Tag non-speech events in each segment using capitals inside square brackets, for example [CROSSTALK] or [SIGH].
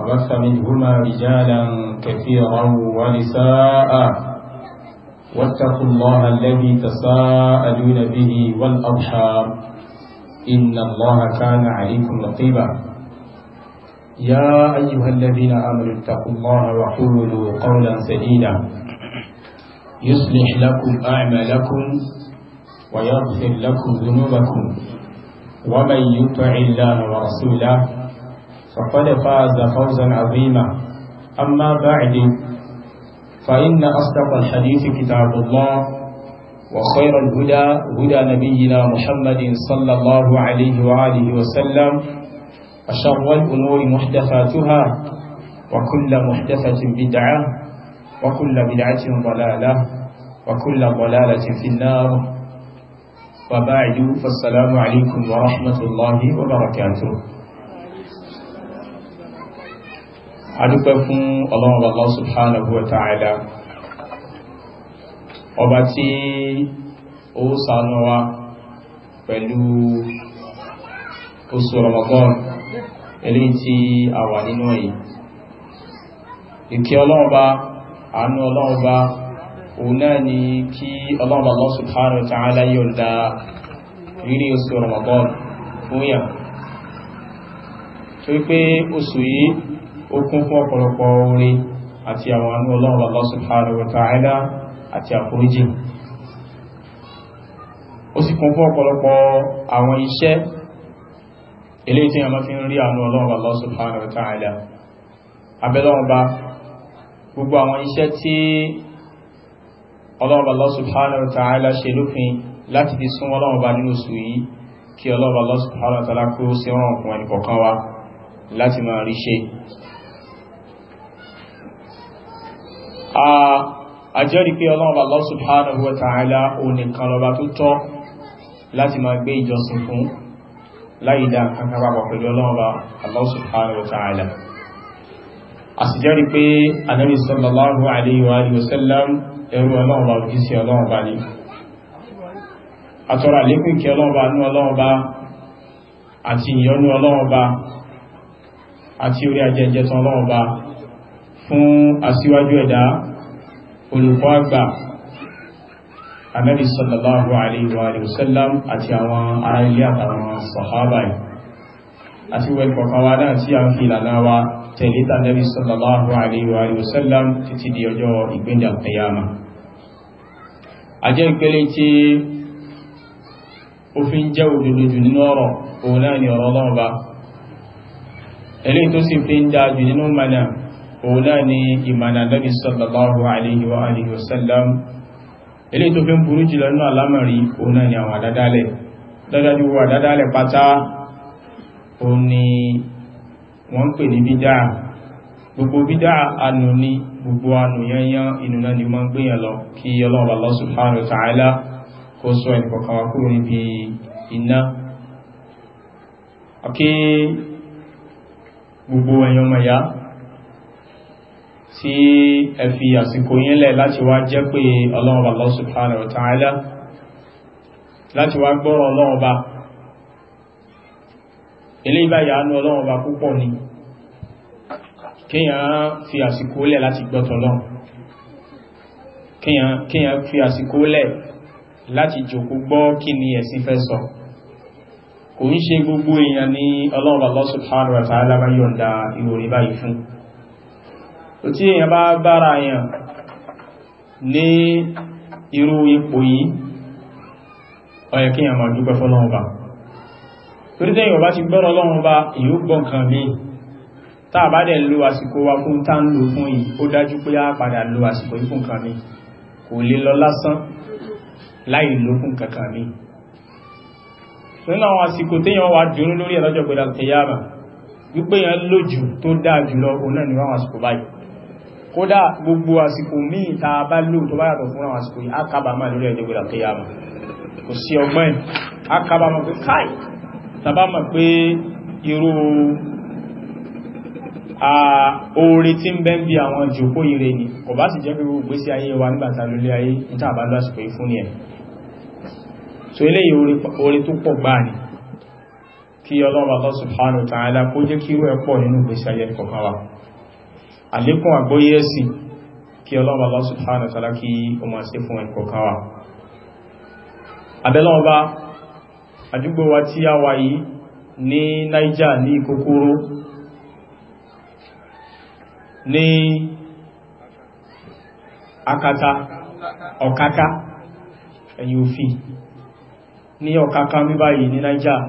وبث منهما رجالا كثيرا ونساء واتقوا الله الذي تساءلون به والأضحام إن الله كان عليكم رقيبا يا أيها الذين آمنوا اتقوا الله وقولوا قولا سديدا يصلح لكم أعمالكم ويغفر لكم ذنوبكم ومن يطع الله ورسوله فقد فاز فوزا عظيما أما بعد فإن أصدق الحديث كتاب الله وخير الهدى هدى نبينا محمد صلى الله عليه وآله وسلم أشر الأمور محدثاتها وكل محدثة بدعة وكل بدعة ضلالة وكل ضلالة في النار وبعد فالسلام عليكم ورحمة الله وبركاته adúpẹ́ fún ọlọ́run Allah subhanahu wa ta'ala ọba tí ó ṣàánú wa pẹ̀lú oṣù Ramadan ilé tí a wà nínú yìí ìkẹ́ ọlọ́run bá àánú ọlọ́run bá òun náà ni kí ọlọ́run Allah subhanahu wa ta'ala yọ̀ǹda rírí oṣù Ramadan fún yà ó kún fún ọ̀pọ̀lọpọ̀ orin àti àwọn anú ọlọ́run Allah subhanahu wa ta'ala àti àforíjì ó sì kún fún ọ̀pọ̀lọpọ̀ àwọn iṣẹ́ ilé tí a máa fi ń rí àánú ọlọ́run Allah subhanahu wa ta'ala abẹ́lọ́run bá gbogbo àwọn iṣẹ́ tí ọlọ́run Allah subhanahu wa ta'ala ṣe lófin láti kí ọlọ́run Allah subhanahu wa sí ọ̀rọ̀ ọkùnrin kọ̀ọ̀kan wa láti máa rí ṣe àjẹ́rí pé ọlọ́ọ̀bà Allah subhanahu wa ta'ala onìkan lọba tó tọ́ láti máa gbé ìjọsìn fún láìdá kankan papọ̀ pẹ̀lú ọlọ́ọ̀bà Allah subhanahu wa ta'ala àsìjẹ́rí pé anábi sallallahu alaihi àti orí ajẹ́jẹ́ tán ọlọ́ọ̀bà fún asíwájú ẹ̀dá olùkọ́ àgbà Ànábì sallallahu alayhi wa sallam àti àwọn ará ilé àtàwọn sàhábà àti wẹ́kọ̀ kọwa náà tí a ń fi ìlànà wa tẹ̀lé tàbí sallallahu alayhi wa sallam títí di ọjọ́ ìgbéǹdà kiyama ajẹ́ ìpele tí òun náà ni ìmànà lẹ́bí sallallahu alaihi wa alihi wasallam ilé tó fi ń burú jùlọ náà alámọ̀rí òun náà ni àwọn àdádálẹ̀ dájájú wà dádálẹ̀ pátá òun ni wọ́n ń pè ní bídá gbogbo bídá anù ni gbogbo anù yanyan ìnúná ni wọ́n yá tí ẹ fi àsìkò yínlẹ̀ láti wá jẹ́ pé ọlọ́ọ̀bà Allah subhanahu wa ta'ala láti wá gbọ́rọ̀ ọlọ́ọ̀bà ilé ìbáyà ánú ọlọ́ọ̀bà púpọ̀ ni kíyàn fi àsìkò lẹ̀ láti gbọ́tọ̀lọ́ kíyàn fi àsìkò lẹ̀ láti jòkó gbọ́ kí ni ẹ̀sìn fẹ́ sọ kò Allah subhanahu wa ta'ala bá yọ̀ǹda ìròrí báyìí tó tí èyàn bá bára yàn ní irú ipò yìí ó yẹ kí èyàn máa dúpẹ́ fọ́lọ́run bá ti gbọ́rọ̀ lọ́run ba èyí ó gbọ́ nǹkan mi tá bá dẹ̀ lo àsìkò wa fún tá ń lò fún yìí ó dájú pé a padà lo àsìkò yìí fún nǹkan mi kò lè lọ lásán láì lò fún kankan mi nínú àwọn àsìkò téèyàn wà dúró lórí ẹ̀lọ́jọ́ pẹ̀lú àtẹ̀yàmà wípé yẹn lójú tó dáa jùlọ òun náà ni wọ́n àsìkò báyìí kódà gbogbo àsìkò míì ta bá lò tó bá yàtọ̀ fún àwọn àsìkò yìí akábàmà lórí ẹjọ́ gbọ́dọ̀ tó yàmà kò sí ọgbọ́n ẹ̀ akábàmà pé káì tàbámà pé irú oore tí ń bẹ ń bí àwọn jòkó ire ni kò bá sì jẹ́ pé gbogbo sí ayé wa nígbàtà lórí ayé níta àsìkò yìí fún àlékún àgbóyé ẹ̀sìn kí ọlọ́run Allah subhanahu wa ta'ala kí o máa ṣe fún ẹ̀kọ̀ọ̀kan wa abẹ́lọ́ọba àdúgbò wa tí a wà ní Niger ní kòkòrò ní akata ọ̀kaka ẹ̀yìn òfin ní ọ̀kaka mẹ́bàáyìí ní Niger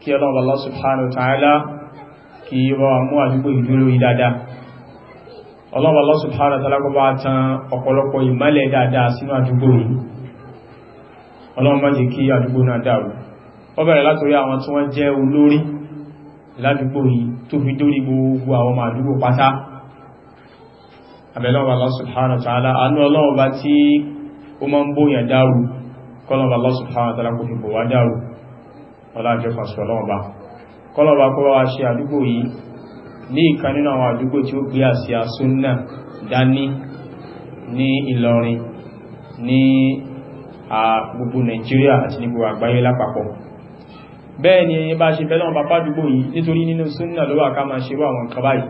kí ọlọ́run Allah subhanahu wa ta'ala kí ó bá wa mú àdúgbò ìdúró yìí dáadáa ọlọ́wọ́ Allah subhanahu ta'ala kó bá tán ọ̀pọ̀lọpọ̀ ìmọ́lẹ̀ dáadáa sínú àdúgbò yìí ọlọ́wọ́ má jẹ́ kí àdúgbò náà dáwò ó bẹ̀rẹ̀ látorí àwọn tí wọ́n jẹ́ olórí ládúgbò yìí tó fi dórí gbogbo àwọn àdúgbò pátá Allah subhanahu ta'ala àánú ọlọ́wọ́ bá tí ó máa Allah subhanahu ta'ala kò fi bò wá dáwò ọlá àjọ fàṣọ ọlọ́wọ́ bá kọlọ̀wọ́ ní ìkan nínú àwọn àdúgbò tí ó gbé àsíá súnnà dání ní Ìlọrin ní gbogbo Nàìjíríà àti ní gbogbo àgbáyé lápapọ̀ bẹ́ẹ̀ ni ẹ̀yin bá ṣe bẹ́lọ́n bàbá àdúgbò yìí nítorí nínú súnnà ló wà ká máa ṣe àwọn nǹkan báyìí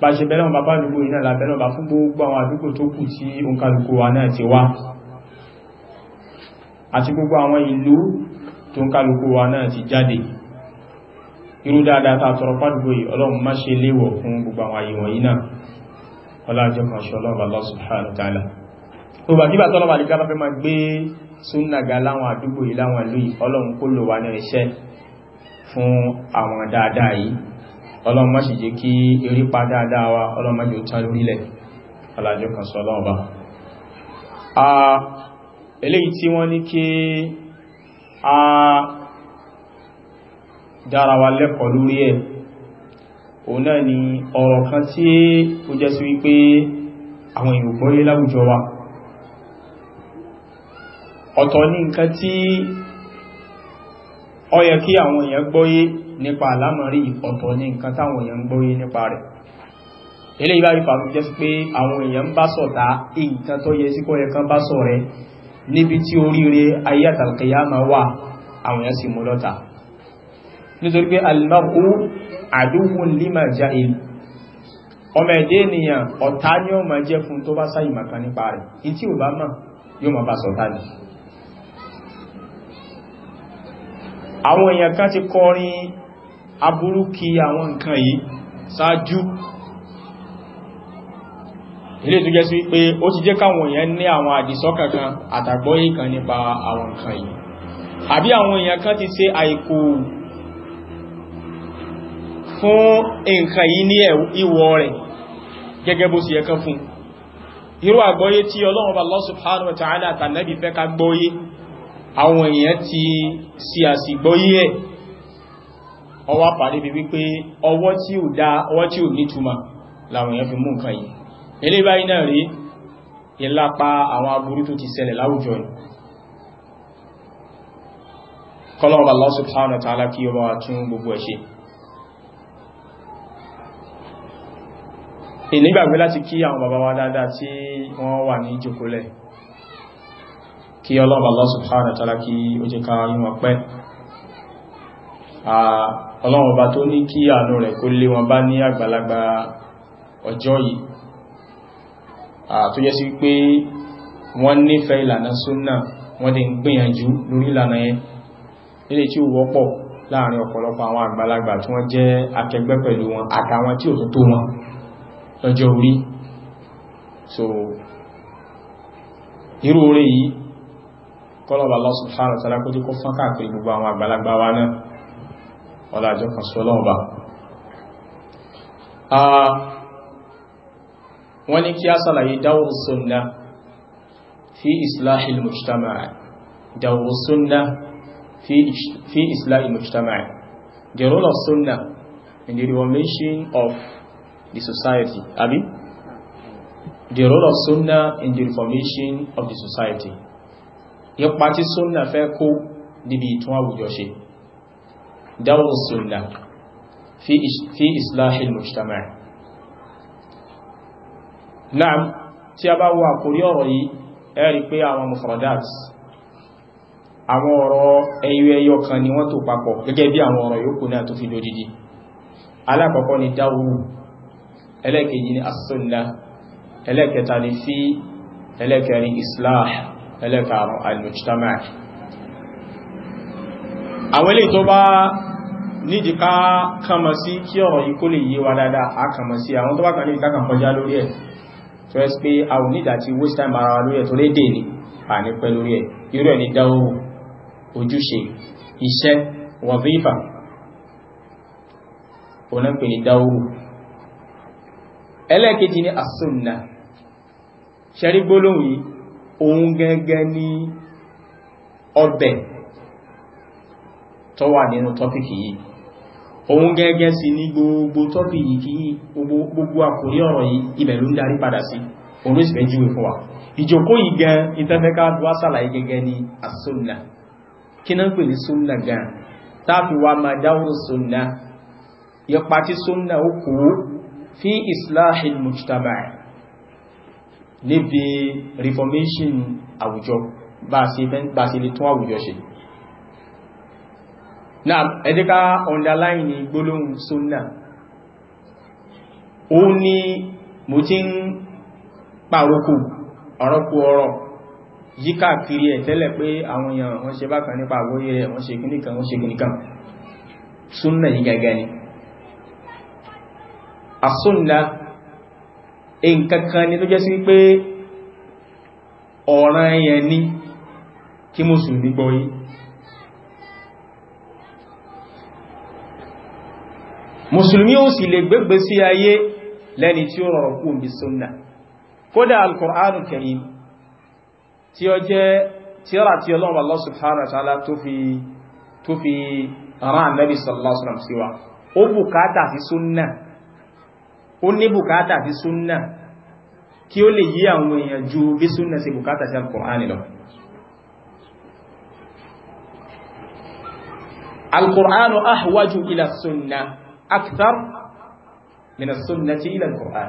bá ṣe bẹ́lọ́n bàbá àdúgbò yìí náà lábẹ́lọ́n bá fún gbogbo àwọn àdúgbò tó kù tí òǹkàlùkù wa náà irú dáadáa ta tọrọ pàdùgbò yìí ọlọ́run má ṣe léwọ̀ fún gbogbo àwọn àyè wọ̀nyí náà ọlájọ́ kan ṣe ọlọ́run Allah subhanahu wa ta'ala tó bá kíbà tọ́lọ́wà lè gábà fẹ́ máa gbé súnnàga láwọn àdúgbò yìí láwọn ìlú yìí ọlọ́run kó lò wá ní iṣẹ́ fún àwọn dáadáa yìí ah, eléyìí tí wọ́n ní kí a dára wa lẹ́kọ̀ọ́ lórí ẹ̀ òun náà ni ọ̀rọ̀ kan tí ó jẹ́ sí wípé àwọn ìrùgbọ́yé láwùjọ wa ọ̀tọ̀ ní nǹkan tí ó yẹ kí àwọn èèyàn gbọ́yé nípa àlámọ̀rí ọ̀tọ̀ ní nǹkan táwọn èèyàn gbọ́yé nípa rẹ̀ ilé ìbá rí fàmí jẹ́ sí pé àwọn èèyàn bá sọ̀tá nǹkan tó yẹ sí kọ́ ẹ̀kan bá sọ níbi tí oríire ayé àtàkìyà máa wà àwọn èèyàn sì mú lọ́ta nítorí pé almaru àdúhùn lima ja'il ọmọ ẹ̀dẹ́ ènìyàn ọ̀tá ní ọmọ jẹ́ fún tó bá sáyì màkà nípa rẹ̀ ìtí ò bá máa yóò máa bá sọ̀tá ní àwọn èèyàn kan ti kọrin aburú kí àwọn nǹkan yìí ṣáájú ilé tó jẹ́ sí pé ó ti jẹ́ káwọn èèyàn ní àwọn àdìsọ́kàn kan àtàgbọ́yé kan nípa àwọn nǹkan yìí àbí àwọn èèyàn kan ti ṣe àìkò fún nǹkan yìí ní ìwọ̀ rẹ̀ gẹ́gẹ́ bó sì yẹ fún irú àgbọ́yé tí Ọlọ́run Ọba Allah subhanahu wa ta'ala àtànẹ́bì fẹ́ ká gbọ́yé àwọn èèyàn ti sí àsìgbọ́yé ẹ̀ ọwá pàdé bí wípé ọwọ́ tí ò dá ọwọ́ tí ò nítumà láwọn èèyàn fi mú nǹkan yìí ilé báyìí náà Allah subhanahu wa ta'ala kí ọba wa tún gbogbo ẹ̀ ìnígbàgbé láti kí àwọn bàbá wa dáadáa tí wọ́n wà ní jòkólẹ̀ kí ọlọ́ọ̀bà Allah subhanahu wa ta'ala kí ó jẹ́ ká yí wọn pẹ́ ọlọ́ọ̀bà tó ní kí àánú rẹ̀ kó lé wọn bá ní àgbàlagbà ọjọ́ yìí tó yẹ sí pé wọ́n nífẹ̀ẹ́ ìlànà súnnà wọ́n dẹ̀ láàrin ọ̀pọ̀lọpọ̀ àwọn àgbàlagbà tí wọ́n jẹ́ akẹgbẹ́ pẹ̀lú wọn àtàwọn tí ò tó tó wọn lọ́jọ́ orí so irú orí yìí kọ́lọ̀lọ̀ Allah subhanahu wa ta'ala kó jẹ́ kó fán káàkiri gbogbo àwọn àgbàlagbà wa náà ọlájọ́ kan sí ọlọ́ọ̀bá wọ́n ní kí a sàlàyé dawru sunnah fi islahil mujtama' the role of sunnah in the revolution of the society abi the role of sunnah in the reformation of the society ipa tí sunnah fẹ́ kó níbi ìtún àwùjọ ṣe dáwọ̀ sunnah fi islahil mujtama naam tí a bá wo àkórí ọ̀rọ̀ yìí ẹ rí pé àwọn mufradat àwọn ọ̀rọ̀ ẹyọ ẹyọ kan ni wọ́n tó papọ̀ gẹ́gẹ́ bí àwọn ọ̀rọ̀ yòókù náà tó fi lódìdí alákọ̀ọ́kọ́ ni dáwọ̀ ẹlẹ́kejì ni as-sunnah ẹlẹ́kẹta ni fi ẹlẹ́kẹrin islah ẹlẹ́karùn al-mujtama àwọn ilé tó bá nídi ká kàmà sí kí ọ̀rọ̀ yìí kó lè yé wa dáadáa a kàmà sí àwọn tó bá kàn nídi kákan kọjá lórí ẹ̀ tó ẹ́ pé a nídà tí waste time ara lórí ẹ̀ tó lé dè ní à ní pẹ́ lórí ẹ̀ irú ẹ̀ ní dáwó ojúṣe iṣẹ́ wọ̀vífà onípe ní dáwó ẹlẹ́ẹ̀kejì ni àsúnnà ṣẹ́rí gbólóhùn yìí gẹ́gẹ́ ní ọbẹ̀ tó wà nínú tọ́pìkì yìí òun gẹ́gẹ́ sí ní gbogbo tọ́pìkì yìí gbogbo àkórí ọ̀rọ̀ yìí ibẹ̀ ń darí padà sí òun ìsìnkẹ́ fún wa ìjòkó yìí gan ìtẹ́fẹ́ká wá sàlàyé gẹ́gẹ́ ní àsúnnà kí náà pè ní súnnà gan táàfi wa ma súnnà súnnà fi islahil mujtama níbi reformation àwùjọ bá ṣe lè tún àwùjọ ṣe náà ẹ underline gbólóhùn sunna ó ní mo ti ń pàrókù ọ̀rọ̀kù ọ̀rọ̀ yíká kiri ẹ̀ tẹ́lẹ̀ pé àwọn èèyàn wọ́n ṣe bákan nípa àwórí wọ́n ṣe kìníkan wọ́n ṣe kìníkan súnnà yí gẹ́gẹ́ ni àsúnnà nǹkankan ni tó jẹ́ sí pé ọ̀ràn yẹn ni kí mùsùlùmí gbọ́ yìí mùsùlùmí ó sì lè gbégbé sí ayé lẹ́ni tí ó rọrùn kú bí súnnà kódà alkùránù karim tí ó jẹ́ tí ọlọ́run Allah subhanahu wa ta'ala tó ó ní bùkátà fi súnnà kí ó lè yí àwọn èèyàn ju bí súnnà sí bùkátà sí alkùnrin lọ alkùnrin áhùwájú ilẹ̀ súnnà akitar min súnnà tí ilẹ̀ alkùnrin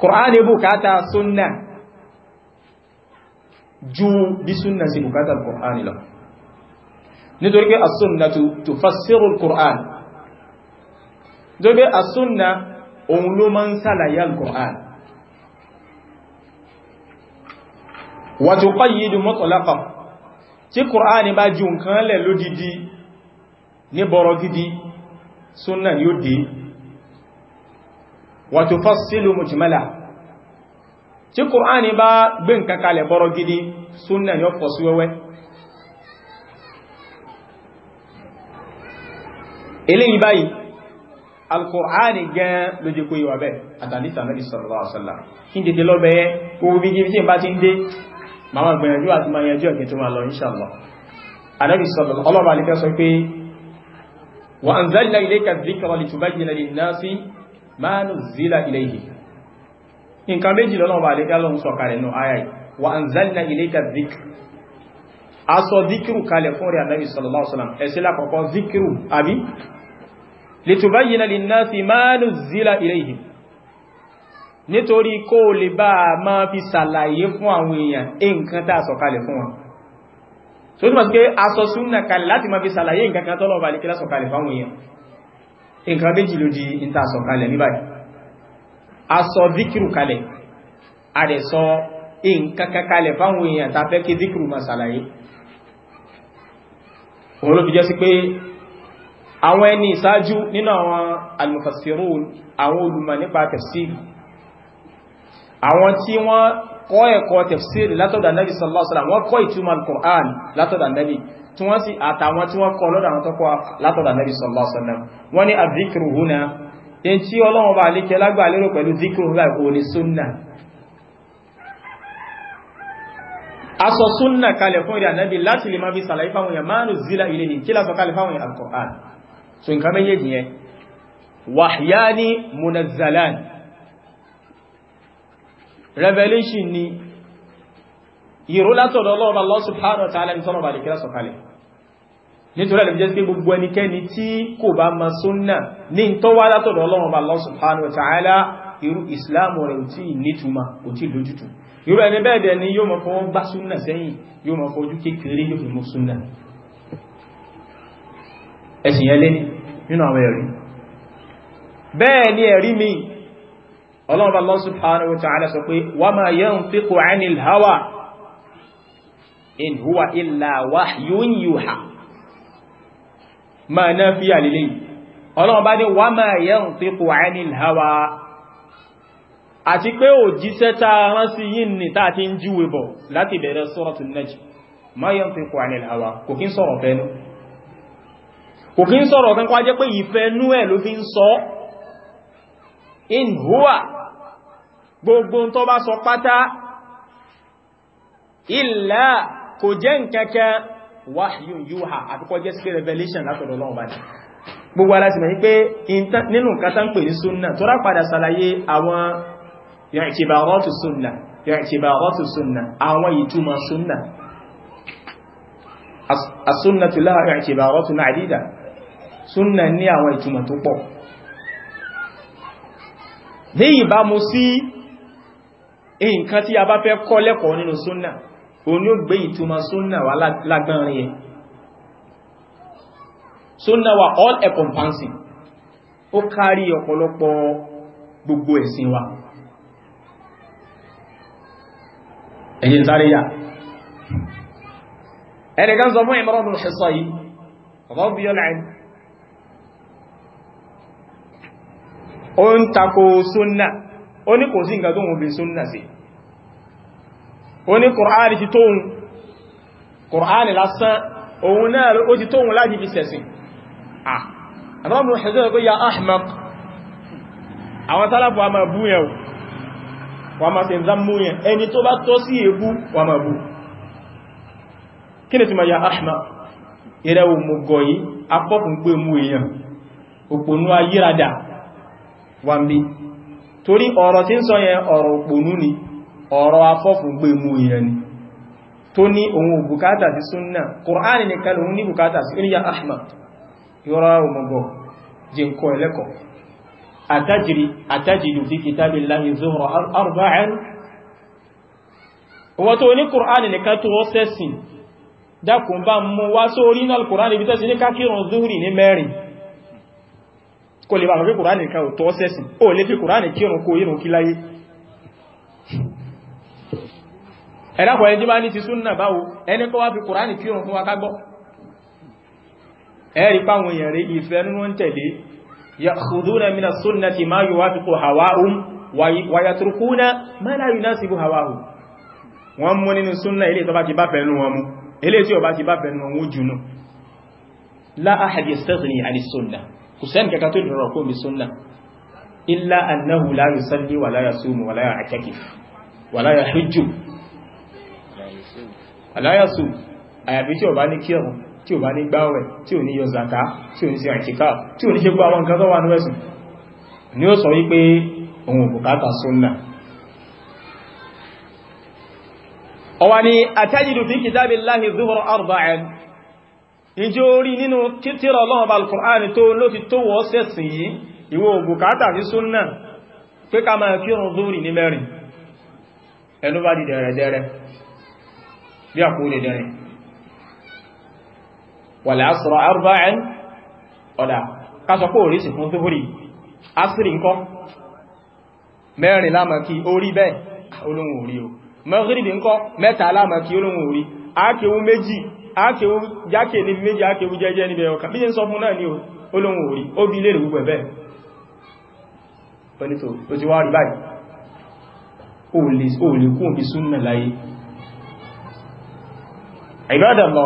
kùnrin bùkátà súnnà ju bí súnnà sí bùkátà alkùnrin lọ nítorí súnnà tó tufassiru kùnrin tó gbé asúnna òun ló máa ń sàlàyé al-Qur'an wa tuqayyidu mutlaqan tí Qur'an bá ju nǹkan lẹ̀ lódìdí ní bọ̀rọ̀ gidi súnna yóò dé wa tufassilu mujmala tí Qur'an bá gbé nǹkan bọ̀rọ̀ gidi súnna yóò pọ̀ sí wẹ́wẹ́ eléyìí báyìí alkùránì gan lójú kó ìwà bẹ́ẹ̀ àtàlítà náà sallallahu alaihi wasallam kí n tètè lọ́bẹ̀ yẹ owó bí gírí tí n bá ti ń dé màmá gbìyànjú àti máa yanjú ọ̀gẹ̀ tó máa lọ inshallah anábì sallallahu ọlọ́ba alẹ́fẹ́ sọ pé wa anzalna ilayka dhikra litubayyina linnasi ma nuzzila ilayhi nǹkan méjì lọ́lọ́ba alẹ́fẹ́ lọ́n sọ kalẹ̀ nù ayà wa anzalna ilayka dhikra a sọ zikiru kalẹ̀ fún sallallahu alaihi wasallam ẹ̀sẹ̀ lákọ̀ọ́kọ́ zikiru àbí litubayyina linnasi ma nuzzila ilayhim nítorí kó lè bá máa fi ṣàlàyé fún àwọn èèyàn nǹkan tá sọ̀kalẹ̀ fún wọn so tí ma sí pé aṣọ súnnà kalẹ̀ láti máa fi ṣàlàyé nǹkan kan tọ́lọ̀ balẹ̀ kílá sọ̀kalẹ̀ fún àwọn èèyàn nǹkan méjì ló di ń ta sọ̀kalẹ̀ ní báyìí aṣọ díkìrù kalẹ̀ àdẹ̀sọ nǹkan kakalẹ̀ fáwọn èèyàn ta fẹ́ kí díkìrù àwọn ẹni ìsáájú nínú àwọn al-mufassirun àwọn olùmọ̀ nípa tafsir àwọn tí wọ́n kọ́ ẹ̀kọ́ tafsir látọ̀dọ̀ Ànábì sallallahu alaihi wasallam wọ́n kọ́ ìtumọ̀ al-Qur'an látọ̀dọ̀ Ànábì tí wọ́n sì àtàwọn tí wọ́n kọ́ lọ́dọ̀ àwọn tọ́kọ́ látọ̀dọ̀ Ànábì sallallahu alaihi wasallam wọ́n ní adh-dhikru huna in tí Ọlọ́run bá lékẹ lágbà lérò pẹ̀lú dhikru huna kò ní súnnà aṣọ súnnà so nǹkan méjèèjì yẹn wahyani munazzalan revelation ni ìró látọ̀dọ̀ Ọlọ́run Allah subhanahu wa ta'ala ní tọ́nà bàdì kíra sọ̀kalẹ̀ nítorí ẹ̀lẹ́bí jẹ́ pé gbogbo ẹnikẹ́ni tí kò bá ma súnnà ní tó wá látọ̀dọ̀ Ọlọ́run Allah subhanahu wa ta'ala irú ìsìláàmù rẹ̀ tí nítumà kò tí lójútù irú ẹni bẹ́ẹ̀ dẹ̀ ni yóò mọ̀ fọ́ gbá súnnà sẹ́yìn yóò mọ̀ fọ́ ojú kékeré yóò fi mú ẹ̀sìn yẹn lé nínú àwọn ẹ̀rí bẹ́ẹ̀ ni ẹ̀rí mi ọlọ́ọ̀bá Allah subhanahu wa ta'ala sọ pé wa ma yantiqu 'anil hawa in huwa illa wahyun yuha ma náà fi àlìlẹ́yìn ọlọ́ọ̀bá ní wa ma yantiqu 'anil hawa ma yantiqu 'anil hawa kò fi ń sọ̀rọ̀ kan kọ́ jẹ́ pé ìfẹ́ nú ẹ̀ ló fi ń sọ in huwa gbogbo tó bá sọ pátá illa kò jẹ́ nkẹ́kẹ́ wahyun yuha àfikọ́ jẹ́ sí revelation látọ̀dọ̀ lọ́wọ́ bá gbogbo alásìmọ̀ ní pé nínú nǹkan tán pè 'adida súnnà ní àwọn ìtumọ̀ tó pọ̀ ní ìbámu sí nǹkan tí a bá fẹ́ kọ́ lẹ́kọ̀ọ́ nínú súnnà o ní ó gbé ìtumọ̀ súnnà wà lágbánrin ẹ̀ súnnà wà all encompassing ó kárí ọ̀pọ̀lọpọ̀ gbogbo ẹ̀sìn wa ẹ̀yìn sáréyà ẹnìkan sọ fún Imran al-Hisayi radiyallahu anhu ó ń takò súnnà ó ní kò sí nǹkan tó ń fi súnnà sí ó ní kùránì ti tóhun kùránì lásán òun náà ó ti tóhun láti fi sẹ̀sìn ah rọ́mù ṣẹ̀sẹ̀ ya ahmaq àwọn tálàpù a máa bú yẹn wà máa ṣe zámú yẹn ẹni tó bá tọ́ sí èébú wà máa bú kí ni tí ma ya ahmaq ìrẹ́wò mọ̀gọ̀ yìí apọ́kùn pé mú èèyàn òpònú ayírada Wambi, ń bí torí ọ̀rọ̀ tí ń sọ yẹn ọ̀rọ̀ òpònú ni ọ̀rọ̀ afọ́fún gbé mú ìyẹn ni tó ní ohun bùkátà sí súnnà Kùránì nìkan lòun ní bùkátà sí oníyà Ahmad yọ́rọ̀ ọmọgbọ̀ jẹ́ kọ́ ẹlẹ́kọ̀ọ́ àtàjìrí àtàjìrí fi kìtàbí láyé zuhra arba'an wọ́n tó ní Kùránì nìkan tó sẹ́sìn dákùn bá mú kò lè bá sọ pé kùránì kan ò tọ́ sẹ́sìn ó lè fi kùránì kí òun kó irun kí láyé ẹ̀dàpọ̀ ẹjí bá ní ti súnnà báwo ẹni kọ́ wá fi kùránì kí òun fún wa ká gbọ́ ẹ̀rí páwọn èèyàn rí ìfẹ́ nínú ń tẹ̀lé yakhuduna mina sunnati ma yuwafiqu hawahum wa yatrukuna ma la yunasibu hawahum kò sẹ́ni kẹta tó dọ̀rọ̀ kó mi súnnà illa annahu la yusalli wa la yasumu wa la ya'takif wa la yahujju wa la yasum àyàfi tí ó bá ní kírun tí ó bá ní gbáwẹ̀ tí ó ní yọ zaka tí ó ní sí àkíká tí ó ní ṣe àwọn nǹkan tó wà níwẹ̀sùn ni ó sọ wípé òun bùkátà súnnà ọwá ni atajidu fi kitabillahi zuhur arba'in ìjẹ́ orí nínú tírà Ọlọ́run bá alkùnrin tó ló fi tó wọ́ sẹ́sìn yìí ìwọ ògbùkátà sí súnnà pé ká máa kírun zúrì ní mẹ́rin ẹnu bá di dẹ̀rẹ̀dẹ̀rẹ̀ bí àkó lè dẹ̀rẹ̀ wà láàsọ̀rọ̀ arba'in ọ̀dà kásọpọ̀ orí sì fún zúrì ákèwú jákè ní méjì ákèwú jẹ́jẹ́ níbẹ̀ ọkà bí i ń sọ fún náà ní olóhun orí ó bí lèrè gbogbo ẹ̀bẹ̀ pẹ̀lú tó ti wá rí báyìí ó lè kún òbí súnnà láyé ìbádàlá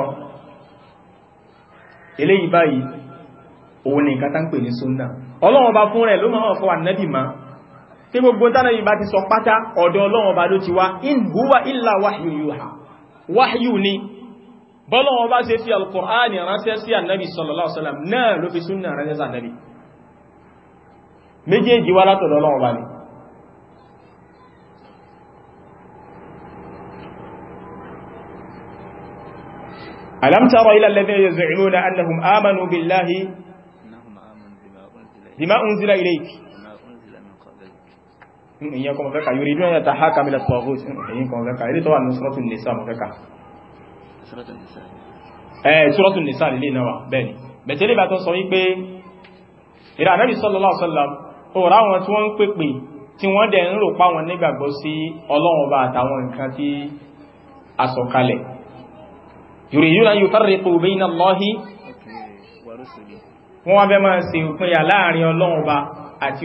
eléyìí báyìí òun ní nǹkan ní súnnà gbogbo ti sọ pátá ọ̀dọ̀ ọlọ́wọ́n bá ló ti bọ́lọ́wọ́ bá ṣe fi alkùnránì ránṣẹ́ sí annabi sallallahu alaihi wasallam náà ló fi súnnà ránṣẹ́ sí annabi méjèèjì wá látọ̀dọ̀ Ọlọ́run bá ní alam tara ila alladhina yaz'umuna annahum amanu billahi bima unzila ilayk ìyẹn kọmọ̀fẹ́ka yóò rí ìdúnà yàtà hákàmílẹ̀ tọ́gùs ìyẹn kọmọ̀fẹ́ka ilé tọ́wà ní sọ́tún nìsá mọ̀fẹ́ka Suratul Nisa lè náà bẹ́ẹ̀ni bẹ̀tẹ́lẹ̀ bá tó sọ wípé ìrà Ànábì sallallahu alaihi wasallam òòrá wọn tí wọ́n ń pèpè tí wọ́n dẹ̀ ń rò pa wọn nígbàgbọ́ sí Ọlọ́run bá àtàwọn nǹkan tí a sọ kalẹ̀ yuriduna yufarriqu bayna Allahi wọ́n wá fẹ́ máa ṣe òpinya láàrin Ọlọ́run bá àti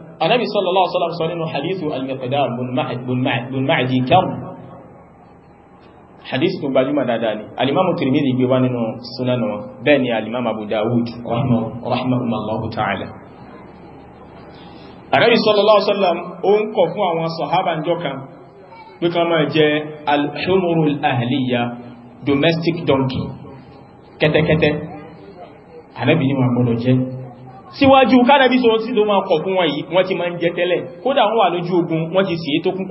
anábì sallallahu alaihi wasallam sọ nínú hadithu al-Miqdad bin Ma'di kẹrù hadith tó gbajúmọ̀ dáadáa ni alimamu Tirmidhi gbé wá nínú sunan wọn bẹ́ẹ̀ ni alimamu Abu Dawud rahimahullahu ta'ala anábì sallallahu alaihi wasallam ó ń kọ̀ fún àwọn sahaba njọ́ kan pé kan máa jẹ al-humuru al-ahliya domestic donkey kẹ́tẹ́kẹ́tẹ́ anábì ni wọn gbọ́dọ̀ jẹ́ síwájú kánàbí sọ tí ló máa kọ̀ fún wọn yìí wọ́n ti máa ń jẹ tẹ́lẹ̀ kódà wọ́n wà lójú ogun wọ́n ti sèé tó kún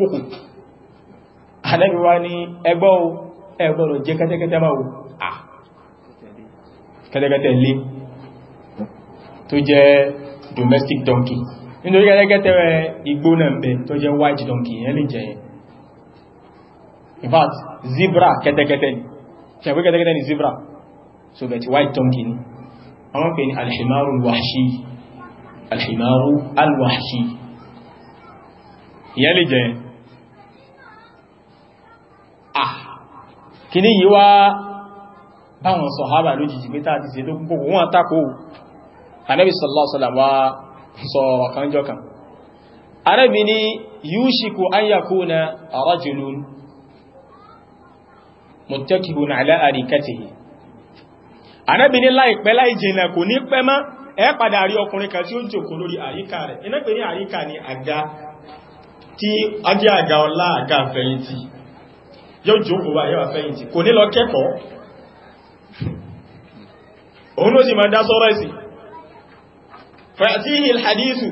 kòkò domestic donkey nítorí kẹ́tẹ́kẹ́tẹ́ igbó náà bẹ tó white donkey yẹn in fact zebra kẹ́tẹ́kẹ́tẹ́ ni ṣẹ̀gbẹ́ kẹ́tẹ́kẹ́tẹ́ ni zebra so that white donkey ni wọ́n pè ní alhimaru alwahshi alhimaru alwahshi ìyẹ́ lè jẹ́ ah kì ní yíwá báwọn sọ̀hábà lójijì pé tàà ti ṣe tó gbogbo wọn tako Ànábì sallallahu alaihi wasallam kan jọ kan Ànábì ní yúṣìkò an yakuna rajulun muttakihun ala Ànábì ní láìpẹ́ láì jìnà kò ní pẹ́ mọ́ ẹ padà rí ọkùnrin kan tí ó jòkó lórí àríkà rẹ̀ iná pè ní àríkà ni àga tí ajé àga ọlá àga fẹ̀yìntì yóò jòkó wà yóò fẹ̀yìntì kò ní lọ kẹ́kọ̀ọ́ òun ló sì máa dá sọ́rọ̀ ẹ̀sìn fàtíhì alhadisu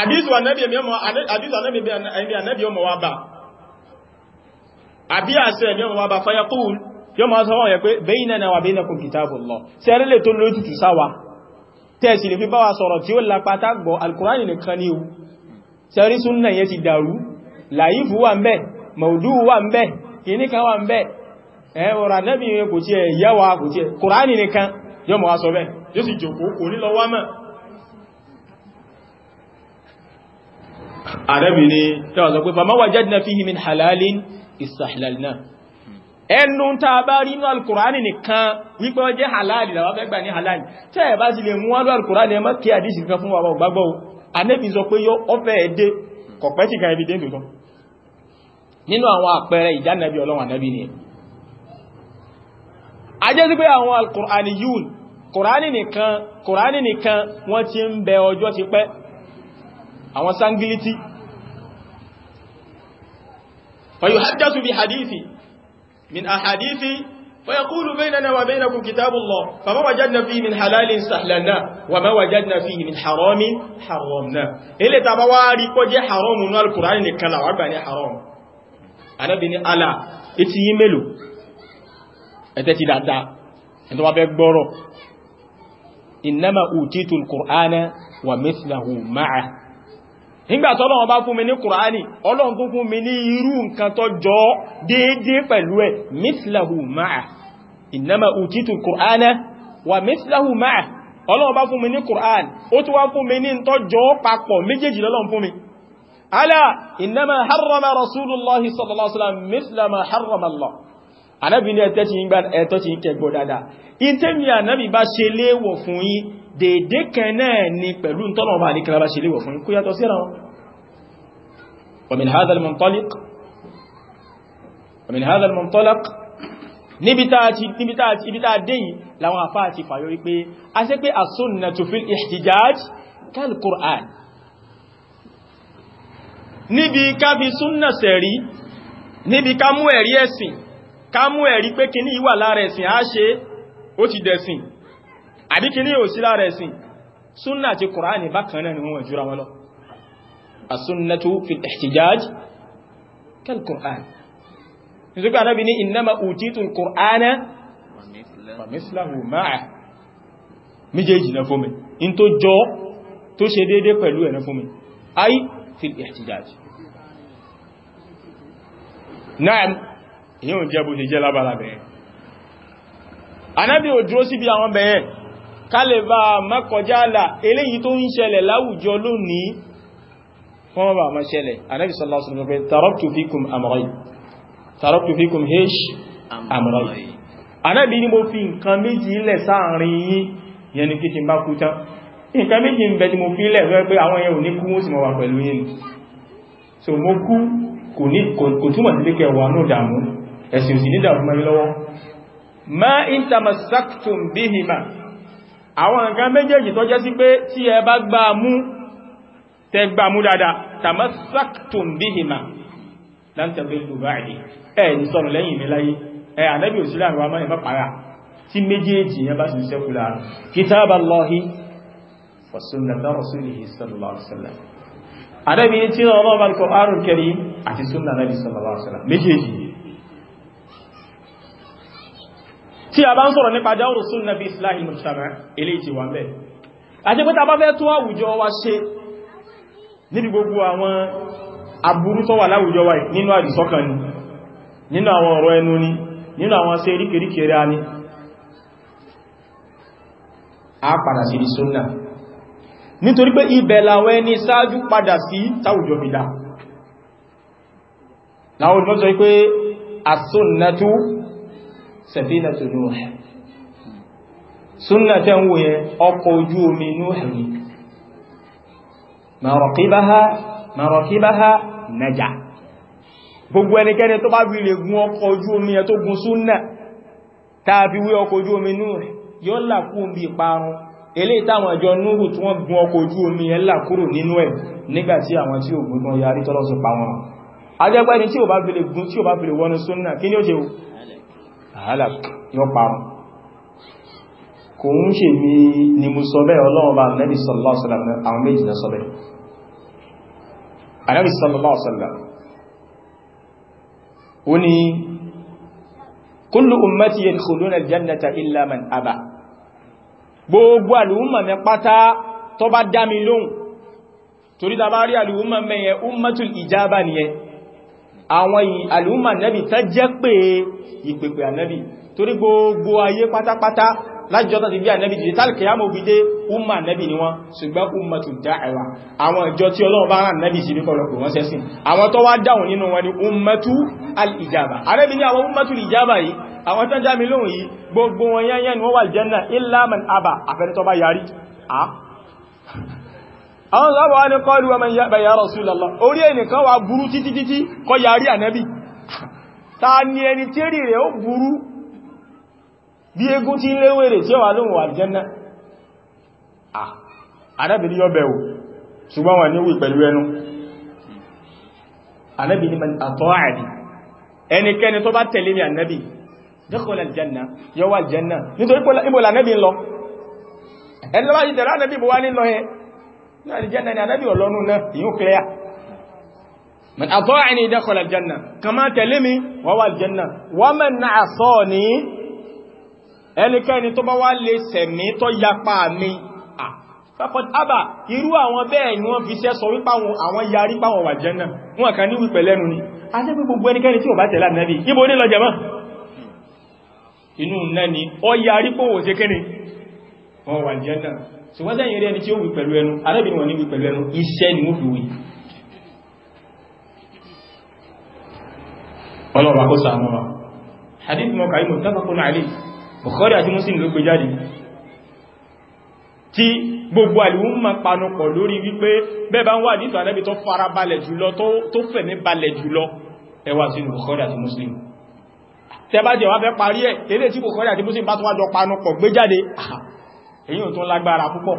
àdísù ànábì ẹ̀mí ọmọ àbí àṣẹ ẹ̀mí ọmọ wa bá fayakúùlù tí ó máa sọ wọ́n yẹ pé baynana wa baynakum kitabullah sí ẹrẹ́lẹ̀ tó lójú tù sáwà tẹ́ẹ̀sì lè fi bá wa sọ̀rọ̀ tí ó lapata gbọ́ alkùránì nìkan ní o sẹ́rí súnnà yẹ ti dàrú láyífù wà ń bẹ mọ̀dú wà ń bẹ kìníkan wà ń bẹ ẹ̀wọ̀rà nẹ́bí kò tí ẹnu ta bá rí inú alkùránì nìkan wípé ó jẹ́ halali làwọn fẹ́ ní halali tẹ́ ẹ̀ bá sì lè mú wọ́n alkùránì ẹmọ́ kí àdísì kan fún wa gbàgbọ́ anẹ́bí sọ pé yóò ọfẹ́ ẹdẹ kọ̀pẹ́ sí kan ibi dé tuntun nínú àwọn àpẹẹrẹ ìjánẹbí ọlọ́run anẹ́bí ni a jẹ́ sí pé àwọn alkùránì ti ń bẹ ọjọ́ من أحاديث فيقول بيننا وبينكم كتاب الله فما وجدنا فيه من حلال سهلنا وما وجدنا فيه من حرام حرمنا إلي تبواري كوجي حرام من القرآن نكلا وعباني حرام أنا بني ألا إتي يملو أتتي دادا أنت وابيك بورو إنما أوتيت القرآن ومثله معه nígbàtí ọlọ́run bá fún mi ní kùránì ọlọ́run tún fún mi ní irú nǹkan tó jọ déédéé pẹ̀lú ẹ̀ mislahu ma'a innama utitu kùránà wà mislahu ma'a ọlọ́run bá fún mi ní kùránì ó tún wá fún mi ní tó jọ papọ̀ méjèèjì lọ́lọ́run fún mi ala innama harrama rasulullahi sallallahu alaihi wasallam mislama harrama Allah Ànábì ní ẹ̀tọ́ dèdè kẹ́nẹ́ ni pẹ̀lú tọ́lọ̀ọba àríkẹ́lá bá ṣe léwọ̀ fún kó yàtọ̀ síra wọn ومن هذا المنطلق ومن هذا المنطلق níbi táà dé yìí láwọn àfáà ti fàyọ wípé a ṣe pé as-sunnatu fil ihtijaj kal-Qur'an níbi ká fi súnnà sẹ̀rí níbi ká mú ẹ̀rí ẹ̀sìn ká mú ẹ̀rí pé kí ní ìwà lára ẹ̀sìn á ṣe ó ti dẹ̀sìn àbíkí ní ò sí lára ẹ̀sìn súnnà àti kùránì bákan náà ni wọ́n jùra wọn lọ as-sunnatu fil ihtijaj kal kùrán nítorí Ànábì ní innama utitu al-qur'ana wa mithlahu ma'a méjèèjì na fún mi in tó jọ tó ṣe dédé pẹ̀lú ẹ̀nà fún mi ay fil ihtijaj náà yíò jẹ́ bó ṣe jẹ́ lábára bẹ̀rẹ̀ ò dúró síbi àwọn bẹ̀rẹ̀ kálẹ̀bà mọ́kọjálà eléyìí tó ń ṣẹlẹ̀ láwùjọ lónìí fún ọba ma ṣẹlẹ̀ anábi sallallahu alaihi wasallam pé taraktu ni mo fi nǹkan méjì ilẹ̀ sáàrin yí yẹni kí ti bá kú tán nǹkan méjì ń bẹ tí mo fi ilẹ̀ rẹ pé àwọn yẹn ò ní kú wọ́n sì mọ̀ so mo kú kò ní kò túmọ̀ sí lékẹ̀ wà ma in tamassaktum bihima àwọn nǹkan méjèèjì tó jẹ́ sí pé tí ẹ bá gbá mú tẹ gbá mú dáadáa tàmásàktùn bíhìmà láńtẹ̀lẹ́ ìlúbáàdì ẹ̀ ní sọ̀rọ̀ lẹ́yìn mi láyé ẹ̀ ànábì òsìlẹ̀ àwọn ọmọ ìmọ̀ pàrà tí méjèèjì yẹn bá sì sẹ́kù lára kitaballahi wa sunnata rasulihi sallallahu alaihi wasallam ànábì tí a bá ń sọ̀rọ̀ nípa dáwòrò súnnà bí islahi mujtama ilé ìtì wà mẹ́ àti pé ta bá fẹ́ tó àwùjọ wa ṣe níbi gbogbo àwọn aburú tó wà láwùjọ wa nínú àdìsọ́kàn ni nínú àwọn ọ̀rọ̀ ẹnu ni nínú àwọn ṣe ríkèríkèrè ni a padà sí di súnnà nítorí safinatu Nuh súnà tẹ́ ń wò yẹn ọkọ̀ ojú omi Nuh ni ma raqibaha ma raqibaha naja gbogbo ẹnikẹ́ni tó bá bí lè gun ọkọ̀ ojú omi ẹ tó gun súnà tàbí wé ọkọ̀ ojú omi Nuh yóò làkú omi ìparun ilé ìtàwọn ẹjọ́ núhù tí wọ́n gun ọkọ̀ ojú omi ẹ làkúrò nínú ẹ̀ nígbàtí àwọn tí ò gbogbo yarí tọ́lọ́sùn pa ajẹ́gbẹ́ni tí ò bá fi lè gun tí ò bá fi lè wọnú súnà kí ni ó ṣe àhálà yóò parun kò ń ṣe mi ni mo sọ bẹ́ẹ̀ ọlọ́run bá nẹ́bí sallallahu alaihi wasallam àwọn méjì náà sọ bẹ́ẹ̀ ànábì sallallahu alaihi wasallam ó ní kullu ummati yadkhuluna aljannata illa man aba gbogbo àlùmọ̀ mi pátá tó bá dá mi torí ta bá rí àlùmọ̀ mẹ́yẹn ummatul ijaba àwọn àlúmà nẹ́bì tán jẹ́ pé ìpèpè ànẹ́bì torí gbogbo ayé pátápátá lájọ́ta ti bí ànẹ́bì jìdí tálìkì yàmò fi dé umma ànẹ́bì ni wọ́n ṣùgbọ́n umma tó dá ẹ̀wà àwọn ìjọ tí Ọlọ́run bá rán ànẹ́bì sí ni ummatu al-ijaba ànẹ́bì ní àwọn ummatu al-ijaba yìí àwọn tán jámi lóhùn yìí gbogbo ni wọ́n wà illa man aba àfẹ́ni tó bá àwọn sọ́bọ̀ wá ní kọlu wa man yaba ya Rasulullah orí ẹnìkan wà burú títí títí kọ yàrí ànábì ta ni ẹni tí rí rẹ̀ ó burú bí egún tí léwèrè tí ó wà lóhun àjẹ́nà ànábì ní yọ́bẹ̀ o ṣùgbọ́n wà níwì pẹ̀lú ẹnu náà aljanna ni anábì ọlọ́nu náà yíò clear man ata'ani dakhala aljanna kama tẹ̀lé mi wa wà aljanna wa man asani ẹnikẹ́ni tó bá wá lè sẹ̀mí tó yapa mi fẹ́kọ̀t àbà irú àwọn bẹ́ẹ̀ ni wọ́n fi ṣẹ́ sọ wípá àwọn yarí pàwọn wà jẹ́nà wọn kà ní wípẹ̀ lẹ́nu ni a jẹ́ pé gbogbo ẹnikẹ́ni tí ò bá tẹ̀lá nẹ́bí ṣùgbọ́n tẹ́yìn rí ẹni tí ó wí pẹ̀lú ẹnu arẹ́bìnrin wọn ní wí pẹ̀lú ẹnu iṣẹ́ ni wọ́n fi wí ọlọ́wà kó sàánú wa hadith mọ́ kàí mọ̀ tafakun alẹ́ Bukhari àti Muslim ló gbé jáde tí gbogbo àlìwọ́n ma panupọ̀ lórí wípé bẹ́ẹ̀ bá ń wà nítọ̀ Ànábì tó fara balẹ̀ jùlọ tó fẹ̀mí balẹ̀ jùlọ ẹ wá sínú Bukhari àti Muslim tẹ́bá wá fẹ́ parí ẹ̀ eré tí Bukhari àti Muslim bá tún wájọ panupọ̀ gbé jáde èyí ò tún lágbára púpọ̀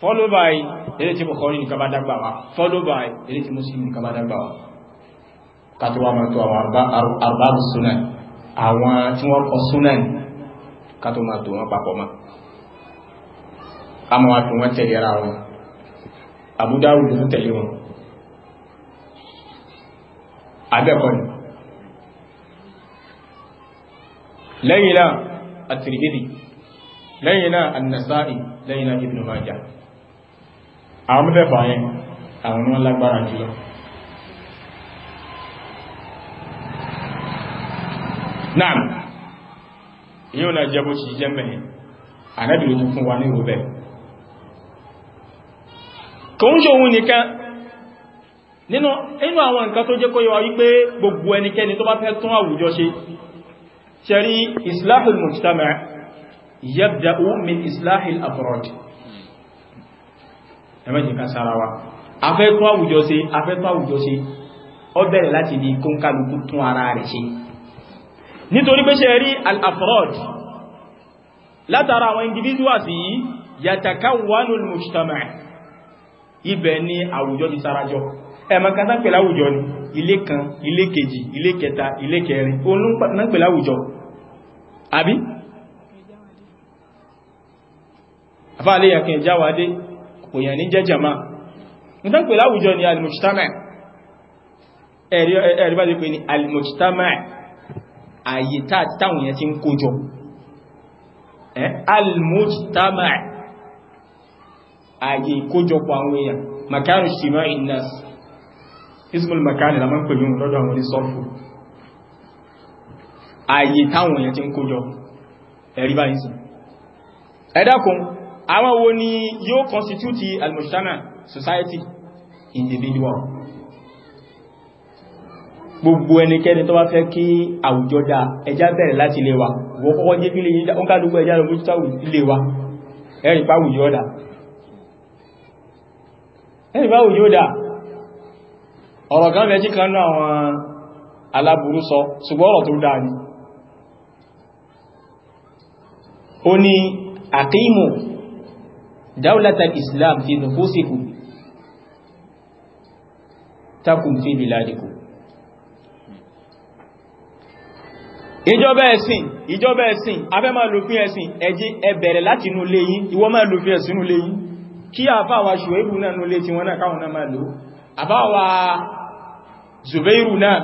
follow by eré tí Bukhari nìkan bá dágbà follow by eré tí Muslim nìkan bá dágbà wá kàtó wà máa tó àwọn arbab sunan àwọn tí wọ́n kọ sunan kàtó máa wọn papọ̀ mọ́ a máa wọn tẹ̀lé ra wọn Abu Dawud ló tẹ̀lé wọn abẹ́kọ̀ ni lẹ́yìn náà at-Tirmidhi lẹ́yìn náà annasa'i lẹ́yìn náà ibn majah àwọn mẹ́fà yẹn àwọn wọn lágbára jùlọ náà yíò náà jẹ́ bó ṣe jẹ́ mẹ́rin ànábìlì tó fún wa ní ìrúbẹ̀ kò ń ṣe òun nìkan nínú àwọn nǹkan tó jẹ́ kó yíwa wípé gbogbo ẹnikẹ́ni tó bá fẹ́ tún àwùjọ ṣe ṣe rí islahul mujtama' yabda'u min islahil afrod ẹmẹ́jì ká sára wa afẹ́tún àwùjọ ṣe afẹ́tún àwùjọ ṣe ọ bẹ̀rẹ̀ láti di kónkálukú tún ara rẹ̀ ṣe nítorí pé ṣe rí al-afrod látara àwọn individuals yìí yatakawwanu al-mujtama ibẹ̀ ni àwùjọ ti sarajọ ẹ̀mọ̀kátá pẹ̀lú àwùjọ ni ilé kan ilé kejì ilé kẹta ilé kẹrin olùpàtàkì pẹ̀lú àwùjọ àbí àfáàlé yàkín jáwádé òyàn ní jẹ́ jama ní tán pè láwùjọ ni al-mujtama ẹ̀rí bá ti pè ní al-mujtama àyè táwọn yẹn ti ń kójọ al-mujtama àyè ìkójọpọ̀ àwọn èèyàn makanu ijtima'i an ismul makani la máa ń pè ní lọ́dọ̀ àwọn ní sọ́fù àyè táwọn yẹn ti ń kójọ ẹ̀rí bá ń ẹ̀dàkùn àwọn wo ni yóò constitute al-mujtama society individual gbogbo ẹnikẹ́ni tó bá fẹ́ kí àwùjọ dá ẹjá bẹ̀rẹ̀ láti ilé wa wọ́n kọ́kọ́ jẹ́ kí lè yíjá ó kàdùgbò ẹjá lọ mójútó ilé wa ẹ̀rìn pa àwùjọ dá ẹ̀rìn pa àwùjọ dá ọ̀rọ̀ kan mẹ́jì kan náà àwọn aláburú sọ ṣùgbọ́n ọ̀rọ̀ tó dáa ni ó ní àkíìmù dáúlátà islam fi nùfúsìkù takùn fi bìládìkù ìjọba ẹ̀sìn ìjọba ẹ̀sìn afẹ́ máa lòfin ẹ̀sìn ẹjí ẹbẹ̀rẹ̀ láti inú lé yín ìwọ máa lòfin ẹ̀sìn inú lé yín kí àfáwà ṣùwẹ́bù náà nú lé tí wọ́n náà káwọn náà máa lò àfáwà zùbẹ́rù náà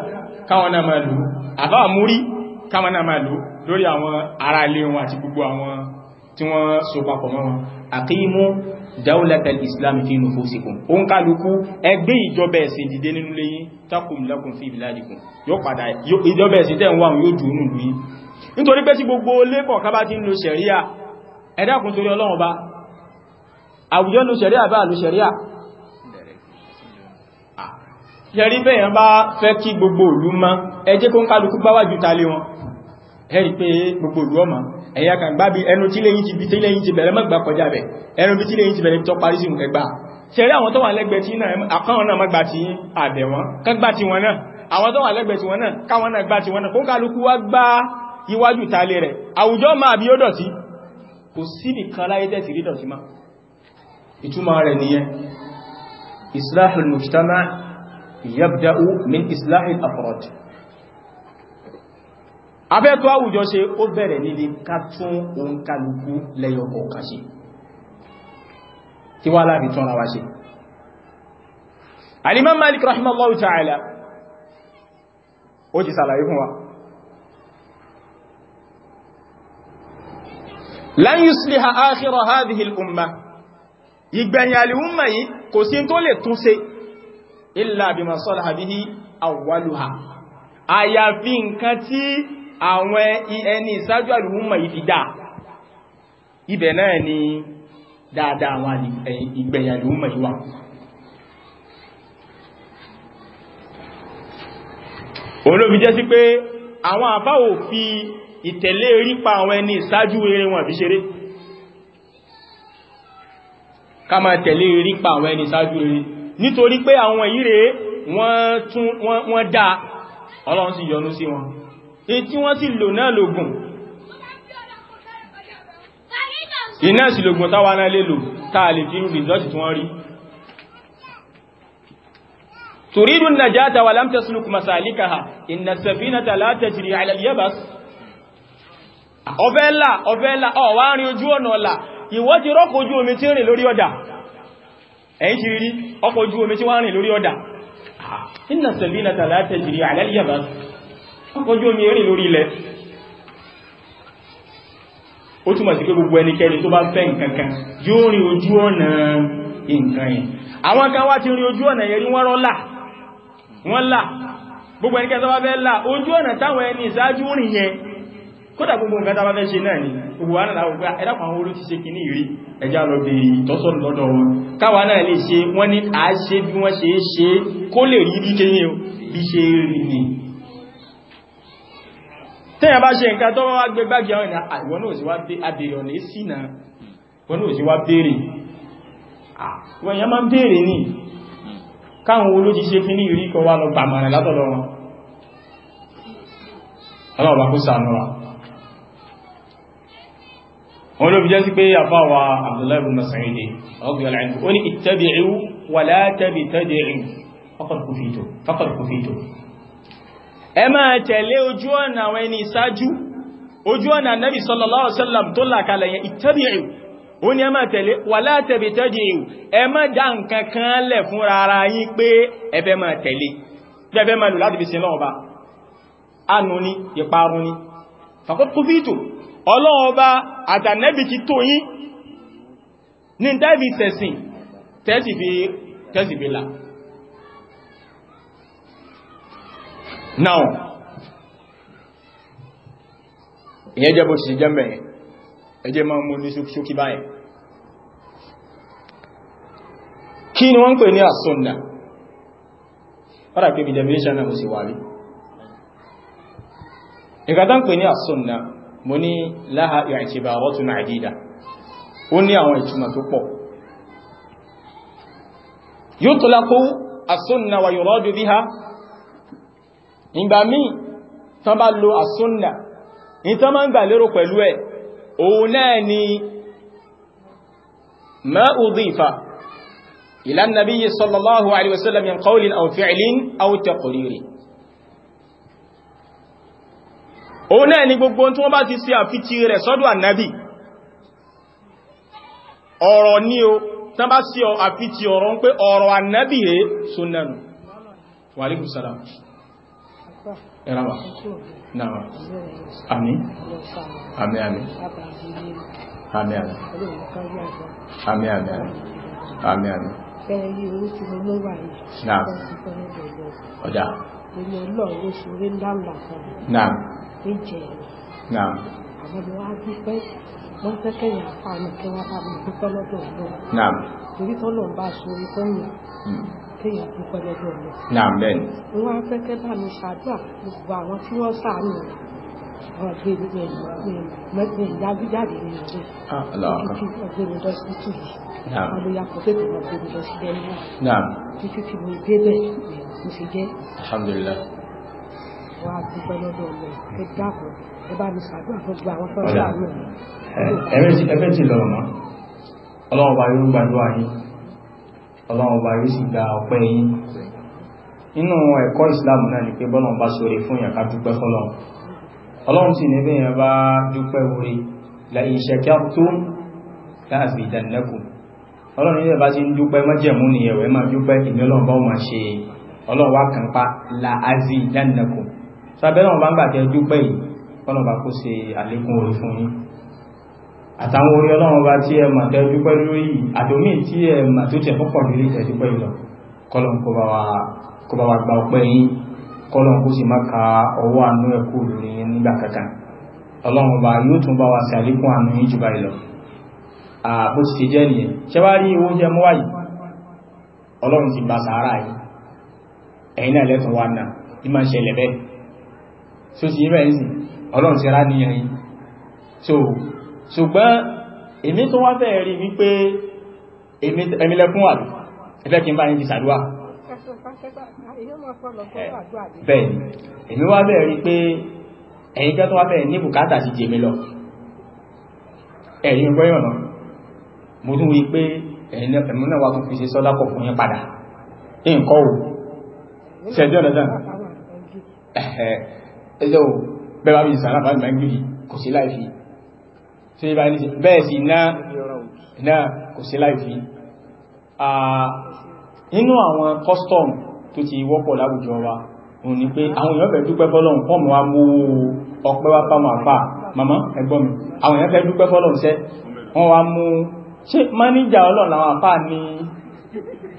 káwọn náà máa lò tí wọ́n so papọ̀ mọ́ wọn àkíyímú dáúlẹ̀tẹ̀ ìsìlámi fi nù fósìkùn o ń kálukú ẹgbẹ́ ìjọba ẹ̀sìn dìde nínú léyìn takum lakum fi ìbìládìkùn yóò padà ìjọba ẹ̀sìn tẹ́ ń wà yóò dùn nùlú yìí nítorí pé tí gbogbo lébọ̀ kábá ti ń lo ṣẹ̀ríà ẹ̀dàkùn torí ọlọ́run bá àwùjọ lo ṣẹ̀ríà bá lo fẹ́ kí gbogbo ìlú mọ́ ẹjẹ́ kó ń kálukú bá wájú wọn ẹ̀rí pé gbogbo ìlú ọmọ ẹ̀yà kan gbá bí ẹnu tí lẹ́yìn ti bí tí lẹ́yìn ti bẹ̀rẹ̀ mọ́gbà kọjá bẹ̀ ẹnu bí tí lẹ́yìn ti bẹ̀rẹ̀ tó parí sínú ẹgbà ṣẹ̀rí àwọn tó wà lẹ́gbẹ̀ẹ́ tí náà àkọ́wọn náà mọ́gbà tí àbẹ̀ wọn kọ́gbà tí wọn náà àwọn tó wà lẹ́gbẹ̀ẹ́ tí wọn náà káwọn náà gbà tí wọn náà kó kálukú wá gbá iwájú talé rẹ̀ àwùjọ máa bí ó dọ̀tí kò sí nìkan láyé tẹ́sì rí dọ̀tí máa ìtumọ̀ rẹ̀ nìyẹn islahul mujtama yabda'u min islahil afrad afẹ́ tó àwùjọ ṣe ó bẹ̀rẹ̀ níbi ká tún ohun kálukú lẹ́yọ kọ̀ọ̀kan ṣe tí wá láàrin tún ara wa ṣe Al-Imam Malik rahimahullahu ta'ala ó ti sàlàyé fún wa lan yusliha akhira hadhihi umma ìgbẹ̀yìn umma yìí kò sí tó lè tún ṣe illa bima àyàfi nǹkan tí àwọn ẹni ìsájú àlùmọ̀ ìfidà ibẹ̀ náà ni dáadáa àwọn ìgbẹ̀yà àlùmọ̀ ìwà òun ló fi jẹ́ sí pé àwọn àfá ò fi ìtẹ̀lé rípa àwọn ẹni ìsájú eré wọn fi ṣeré ká máa tẹ̀lé rípa àwọn ẹni ìsájú eré nítorí pé àwọn ìrẹ́ wọ́n dá ọlọ́run sì yọ́nú sí wọn ètí wọ́n sì lò náà lògùn iná sì lògùn táwa náà lè lò táà lè fi rìsọ́tì tí wọ́n rí تريد النجاة ولم تسلك مسالكها إن السفينة لا تجري على اليبس ọ̀fẹ́lá ọ̀fẹ́lá ọ̀wá rin ojú ọ̀nà ọ̀la ìwọ ti rọ́kọ̀ ojú omi tí ń rìn lórí ọ̀dà ọkọ̀jú omi rìn lórí ilẹ̀ ó túnmọ̀ sí pé gbogbo ẹnikẹ́ni tó bá fẹ́ nǹkankan yóò rin ojú ọ̀nà nǹkan yẹn àwọn kan wá ti rin ojú ọ̀nà yẹn rí wọ́n rọ́lá wọ́n là gbogbo ẹnikẹ́ni tó bá fẹ́ là ojú ọ̀nà táwọn ẹni ìsáájú rìn yẹn tá bá fẹ́ ṣe náà ni gbogbo wa náà láwọn pé ẹ̀dàpọ̀ àwọn olú ti ṣe kó tẹ́yàn bá ṣe nǹkan tó ah, wá gbé gbági àwọn ìrìnà àwọn náà sí wá pé abèrè ní ah, sínà wọn náà sí wá bèèrè àwọn èèyàn máa ń bèèrè ní káwọn olójí ṣe fi ní ìrí kan wá lọ gbàmọ̀rẹ̀ látọ̀lọ́ wọn ọlọ́ọ̀bá kó sànú wa wọn ló fi jẹ́ sí pé àfáwà Abdullahi bin ẹ máa tẹ̀lé ojú ọ̀nà àwọn ẹni ìsájú ojú ọ̀nà sallallahu alaihi tó làkalẹ̀ yẹn ittabi'u ó ní ẹ máa tẹ̀lé wala tabtadi'u ẹ má dá nǹkan kan lẹ̀ fún ara yín pé ẹ máa tẹ̀lé pé máa lò láti fi sin ni ni kufitu tẹ́sì now ìyẹn jẹ́ bó ṣe jẹ́ mẹ́yẹn ẹjẹ́ máa mú ní ṣókí báyìí kí ni wọ́n ń pè ní àsọ́nà pàdàkì definition náà mo sì wà rí ìgbàtà ń pè ní àsọ́nà mo ní láha i'tibaratun 'adida ó ní àwọn ìtumọ̀ tó pọ̀ yutlaqu as-sunnah wa yuradu biha ìgbà míì tán bá lo àsúnnà ní tán máa ń gbà lérò pẹ̀lú ẹ̀ òun náà ni ma udhifa ila an-nabiy sallallahu alaihi wasallam min qawlin aw fi'lin aw taqririn òun náà ni gbogbo ọ̀rọ̀ ní o tán bá sí àfitì ọ̀rọ̀ ń pé ọ̀rọ̀ ànábì rẹ̀ sunnanu wa alaikum era lá não àmì àmì amém amém amém amém amém amém ẹ̀yí orí ti mo ló wà yìí náà kéèyàn dúpẹ́ lọ́dọ̀ mi. náà bẹ́ẹ̀ ni. wọ́n á fẹ́ kẹ́ bá mi ṣàdúrà gbogbo àwọn tí wọ́n ṣàánú rẹ̀ àwọn gbé ah, gbé mẹ́tẹ̀ ìyábíjáde ní ọdún títí ọgbẹ́ mi lọ sí tù yìí àwọn lóya kọ pé kò wọ́n mi lọ sí bẹ́ẹ̀ náà títí tí mo dé bẹ̀ mo sì jẹ́. alhamdulilah. wọ́n á dúpẹ́ lọ́dọ̀ mi ẹ dákun ẹ bá mi ṣàdúrà gbogbo àwọn tó ń ṣàánú ọlọ́run bá yóò gbàdúrà yín ọlọ́run bá yóò sì gba ọpẹ́ yín nínú ẹ̀kọ́ islam náà ni pé bọ́lọ̀n bá sóre fún ìyàká dúpẹ́ fọ́lọ́run ọlọ́run sì ní bẹ́yàn bá dúpẹ́ orí la ìṣẹ̀kẹ́ tó láàbì ìdánilẹ́kùn ọlọ́run ilẹ̀ bá ti ń dúpẹ́ mọ́jẹ̀mú ni ẹ̀wẹ̀ máa dúpẹ́ ìní ọlọ́run bá máa ṣe ọlọ́run wá kàn pa la àzì ìdánilẹ́kùn sábẹ́ ọlọ́run bá ń gbà tẹ́ dúpẹ́ yìí àtàwọn orí ọlọ́run bá tí ẹ mà tẹ́ dúpẹ́ lórí àdómí tí ẹ mà tó tẹ̀ pọ́pọ̀ lórí tẹ̀ dúpẹ́ ìlọ kọlọ̀n wa gba ọpẹ́ yín kọlọ̀n kó sì má ka ọwọ́ àánú ẹ kú lórí nígbà kankan ọlọ́run bá yóò tún bá wa sí àlékún àánú yín jù bá ìlọ àbó ti jẹ́ nìyẹn so ṣùgbọ́n èmi tó wá fẹ́ rí wípé emilẹ́kún wà ẹfẹ́ kí n bá yín di sàdúwà bẹ́ẹ̀ èmi wá fẹ́ rí pé ẹ̀yin kẹ́ tó wá fẹ́ ní bùkátà sí jẹ́ mi lọ ẹ̀yin gbọ́ ìrànà mo tún wí pé ẹ̀yin náà wá tún fi ṣe sọ́lápọ̀ fún yín padà nǹkan ò tí ó bá ní bẹ́ẹ̀ sí náà kò sí láìfí inú àwọn custom tó ti wọ́pọ̀ láwùjọ wa òun ni pé àwọn èèyàn fẹ́ dúpẹ́ fọ́lọ́run fọ́n mọ́ mú ọpẹ́ wá fáwọn àfà màmá ẹgbọ́n mi àwọn èèyàn fẹ́ dúpẹ́ fọ́lọ́run ṣe wọ́n wá mú ṣe máníjà ọlọ́run àwọn àfà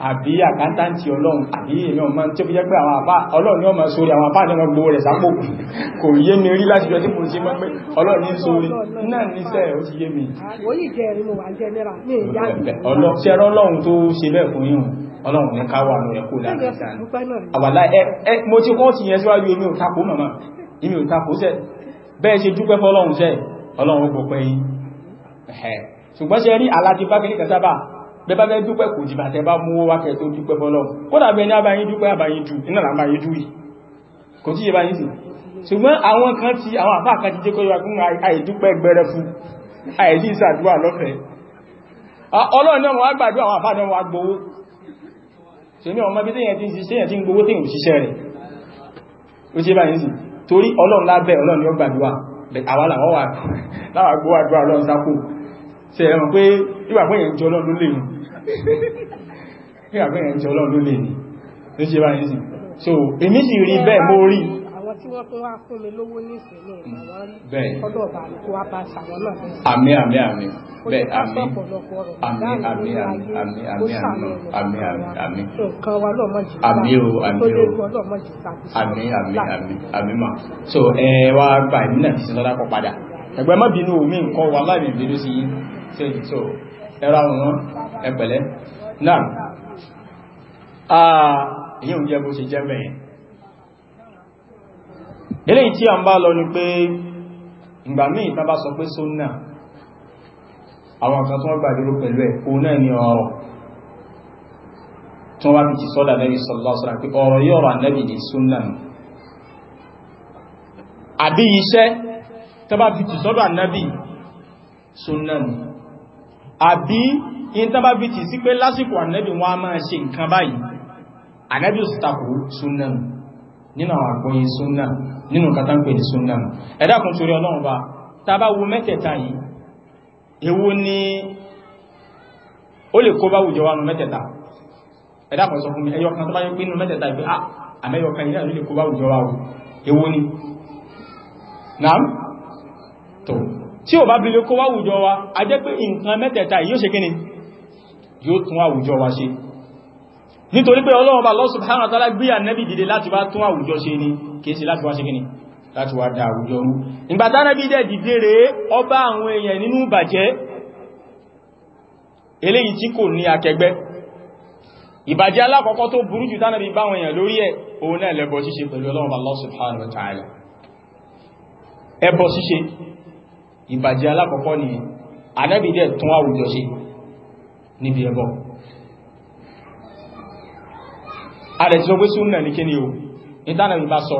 àbí àkántáǹtì ọlọ́run àbí èmi ọmọ tí ó fi jẹ́ pé àwọn àpá ọlọ́run ní ọmọ sórí àwọn àpá àdínà gbogbo rẹ̀ sápò kò yé mi rí láti jọ tí mo ti mọ́ pé ọlọ́run ní sórí náà níṣẹ́ ó ti yé mi ọlọ́run ní káwà ní ẹ̀kú láàrín ṣùgbọ́n ṣe rí aláti bá bẹ́ bá fẹ́ dúpẹ́ kò jìbà tẹ́ bá mú wá kẹ́ tó dúpẹ́ fọ́lọ́ kódà bẹ́ ní abáyín dúpẹ́ àbáyín dù iná là máa dù yìí kò tí yẹ bá yìí sí ṣùgbọ́n àwọn kan ti àwọn àfáà kan ti jẹ́ kó yọ fún àìdúpẹ́ gbẹrẹ fún àìdí ìsàdúrà lọ́fẹ̀ẹ́ ọlọ́run náà wọ́n gbàdúrà àwọn àfáà náà wọ́n gbowó ṣèmí ọmọ bí téèyàn ti ń ṣiṣẹ́ yẹn ti ń gbowó téèyàn òṣìṣẹ́ rẹ̀ ó ṣe báyìí sí torí ọlọ́run lábẹ́ ọlọ́run ni ó gbàdúrà àwọn làwọn wà láwàgbó àdúrà ọlọ́run sápò ṣe ẹ̀rùn pé ìgbàgbé yẹn jọ lọ́nà lè ní ìgbàgbé yẹn jọ lọ́nà lè ní ló ṣe bá nìsìn so èmi sì rí bẹ́ẹ̀ mo rí àwọn tí wọ́n tún wá fún mi lówó nísìn náà mm, àwọn rí ọdọ̀ bá kó wá bá sàwọn náà àmín àmín àmín bẹ́ẹ̀ àmín àmín àmín àmín àmín àmín àmín àmín àmín nǹkan wa lọ́mọ jù àmín o àmín o àmín àmín àmín àmín mà so ẹ wá gbà ìmínà ti sọ́dá kọ padà ẹgbẹ́ má bínú mi nǹkan wà láì bínú sí yìí tí ó tó ẹra wọn ẹpẹ̀lẹ́ náà àà èyí ò jẹ́ bó ṣe jẹ́ mẹ́yìn eléyìí tí a ń bá lọ ni pé ìgbà míì tàbá sọ pé sónà àwọn kan tó wọ́n gbà dúró pẹ̀lú ẹ̀ kó náà ni ọ̀rọ̀ tí wọ́n fi ti sọ́dà Nábì sallallahu alaihi wasallam pé ọ̀rọ̀ yí ọ̀rọ̀ Nábì ní sónà àbí iṣẹ́ tàbá fi ti sọ́dà Nábì sónà ni àbí ìntàn bá fi tì sí pé lásìkò ànẹ́bì wọn a máa ṣe nǹkan báyìí ànẹ́bì òsìtàkù súnnà nínú àwọn àgbọ́yé súnnà nínú kátánpẹ̀ ní súnnà ẹ̀dàkùn torí ọlọ́run ni ó lè kó bá wùjọ wa nù mẹ́tẹ̀ẹ̀ta ẹ̀dàkùn sọ fún mi ẹyọkan tó bá yẹ pé nù mẹ́tẹ̀ẹ̀ta ìpé à àmẹ́yọkan yìí ah, ló lè kó bá tí ò bá bí lè kó wáwùjọ wa a jẹ́ pé nǹkan mẹ́tẹ̀ẹ̀ta yóò ṣe kíni yóò tún àwùjọ wa ṣe nítorí pé Ọlọ́run bá Allah subhanahu wa ta'ala gbé ànẹ́bì dìde láti wá tún àwùjọ ṣe ni kìí sí láti wá ṣe kíni láti wá dá àwùjọ rú ìgbàtà náà bí jẹ́ dìde rẹ̀ ọba àwọn èèyàn nínú ìbàjẹ́ eléyìí tí kò ní akẹgbẹ́ ìbàjẹ́ alákọ̀ọ́kọ́ tó burú jù tánàbí báwọn èèyàn lórí ẹ̀ òun náà lẹ́bọ̀ ṣíṣe pẹ̀lú Ọlọ́run bá Allah subhanahu wa ta'ala ẹbọ ṣíṣe ìbàjẹ́ alákọ̀ọ́kọ́ ni ànábì dẹ̀ tún àwùjọ ṣe níbi ẹbọ àrẹ̀ tí ó gbé súnnà ní kíni o ní tánàbí bá sọ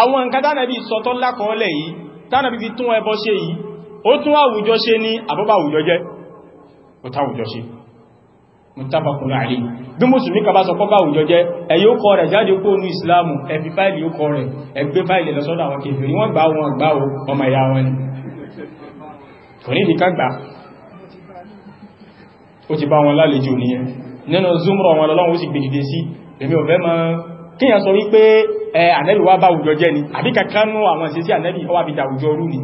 àwọn nǹkan tánàbí sọ tó lákọọ́lẹ̀ yìí tánàbí fi tún ẹbọ ṣe yìí ó tún àwùjọ ṣe ní àbọ́bà àwùjọ jẹ́ ali bí musulmi ka bá sọ pọ́pá òjò jẹ́ ẹ̀yí ó kọ rẹ̀ jáde kó ní islamu ẹbí fáìlì ó kọ rẹ̀ ẹgbẹ́ fáìlì lọ́sọ́dọ̀ àwọn kèfèrí wọ́n gbá wọn gbá ọmọ ìyá wọn ni kò ní ìdíká gbà ó ti bá wọn lálejò nìyẹn nínú zúmrọ̀ wọn lọ́wọ́ sì gbèdìde sí èmi ò fẹ́ mọ́ kíyàn sọ wípé ànẹ́bì wá bá àwùjọ jẹ́ ni àbí kankanú àwọn ìṣesí ànẹ́bì ọwà bí dàwùjọ rú ni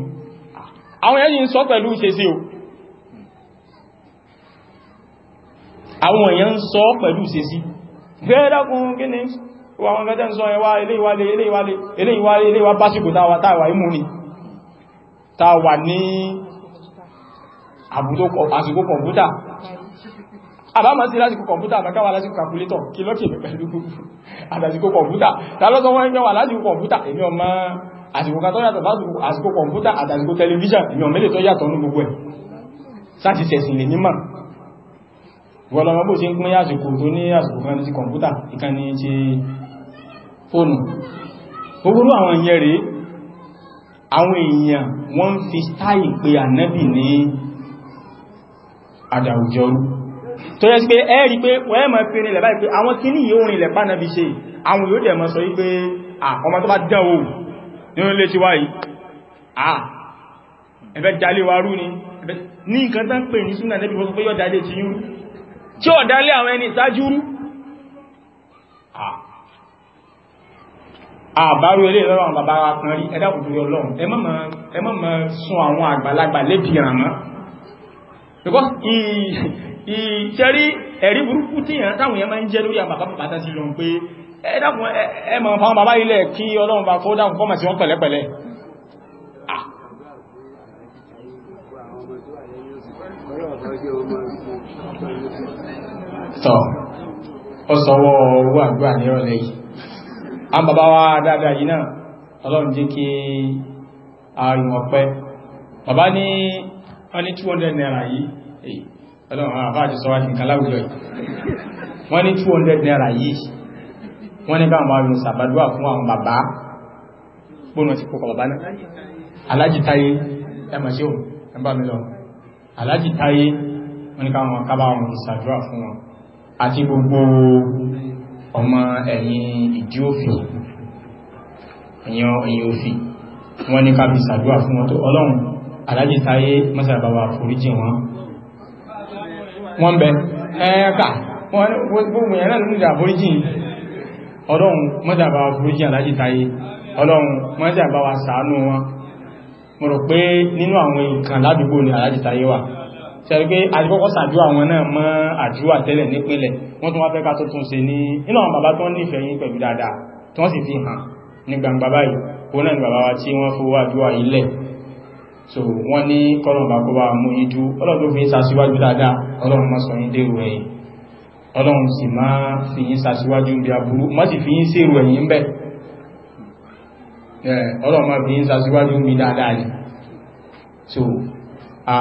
àwọn èèyàn ń sọ pẹ̀lú ìṣesí o àwọn èèyàn ń sọ pẹ̀lú ìṣesí gbẹ́ẹ̀dàkùn kí ni wọ́n ń sọ ẹwà eléìwálé eléìwálé eléìwálé eléìwá àsìkò kọ̀mpútà àbámọ́ sí lásìkò kọ̀mpútà àbákáwà lásìkò kàkúlétọ̀ kí lọ́kì pẹ̀lú àsìkò kọ̀mpútà tàbí wọ́n ń yọ́wà lásìkò kọ̀mpútà èmi ọmọ àsìkò kan tó yàtọ̀ àsìkò kọ̀mpútà àtàsìkò tẹlifíṣàn èmi ọmọ tó yàtọ̀ ní gbogbo ẹ̀ sáti sẹ̀sìn lè nímọ̀ wọ́lọ́mọ́ bó ṣe ń pín àsìkò ni ti fóònù gbogbo àwọn ìyẹn rèé àwọn èèyàn wọ́n fi àdàwùjọrú tó yẹ́ sí pé ẹ́rí pé wọ́n mọ̀ fi rìnlẹ̀ báyìí pé àwọn kí ní yóò rìnlẹ̀ bá nàbí ṣe àwọn yóò dẹ̀ mọ̀ sọ wípé ọmọ tó bá dẹ̀wò nínú lé ti wáyìí ni ní nǹkan tán pè ní súnà nẹ́bí fọ́sọ́ pé yọ́ dalé ti yúrú tí ó dalé àwọn ẹni ìsájú rú àbárú ilé lọ́rọ̀ àwọn bàbá wa kan rí ẹ̀dàkùnrin ọlọ́run ẹ má mà sún àwọn àgbàlagbà lébìí ràn mọ́ because ìṣẹ́rí ẹ̀rí burúkú tí ìyàn táwọn èèyàn máa ń jẹ́ lórí àbàbàbàtà sí lọ pé ẹ̀dàkùn ẹmọ̀ fáwọn bàbá ilẹ̀ kí ọlọ́run bá kó dáhùn fọ́mà sí wọ́n pẹ̀lẹ́pẹ̀lẹ́ tọ́ ọsọ̀wọ́ owó àgbà ní ọ̀lẹ́ yìí a ń bàbá wa dáadáa yìí náà ọlọ́run jẹ́ kí ààrùn ọ̀pẹ́ bàbá ní wọ́n ní 200 naira yìí ọlọ́run àbá àti sọ́wọ́ nǹkan láwùjọ yìí wọ́n ní 200 naira yìí wọ́n ní báwọn àwọn ìsàbàdúwà fún àwọn bàbá gbónà ti kókọ bàbá náà alájì táyé ẹmà ṣe òun ẹmbà mi lọ alájì táyé wọ́n ní káwọn kábà àwọn ìsàdúwà fún wọn àti gbogbo ọmọ ẹ̀yìn ìdí òfin ẹ̀yìn òfin wọ́n ní kábà ìsàdúwà fún wọn tó ọlọ́run alájì táyé mọ́sàbàwà foríjì wọn wọ́n bẹ ẹ́ẹ̀kà gbogbo ẹ̀rẹ́ ló nílẹ̀ àforíjì ọlọ́run mọ́sàbàwà foríjì alájì táyé ọlọ́run mọ́sàbàwà ṣàánú wọn mo rò pé nínú àwọn ìkan ládùúgbò ni alájì táyé wà tẹ́rẹ pé àdíkọ́kọ́ sàdúwà wọn náà mọ́ àdúwà tẹ́lẹ̀ nípínlẹ̀ wọ́n tún wá fẹ́ ká tó tún ṣe ní inú àwọn bàbá tó ń nífẹ̀ẹ́ yín pẹ̀lú dáadáa tó wọ́n sì fi hàn ní gbangba báyìí òun náà ni bàbá wa tí wọ́n fowó àdúwà ilẹ̀ so wọ́n ní kọ́lọ̀bà kó bá mú yíjú ọlọ́run fi ń sàṣíwájú dáadáa ọlọ́run má sọ yín dèrò ẹ̀yìn ọlọ́run sì má fi yín sàṣíwájú bí aburú má sì fi yín sèrò ẹ̀yìn bẹ́ ọlọ́run má fi yín sàṣíwájú bí dáadáa ni so a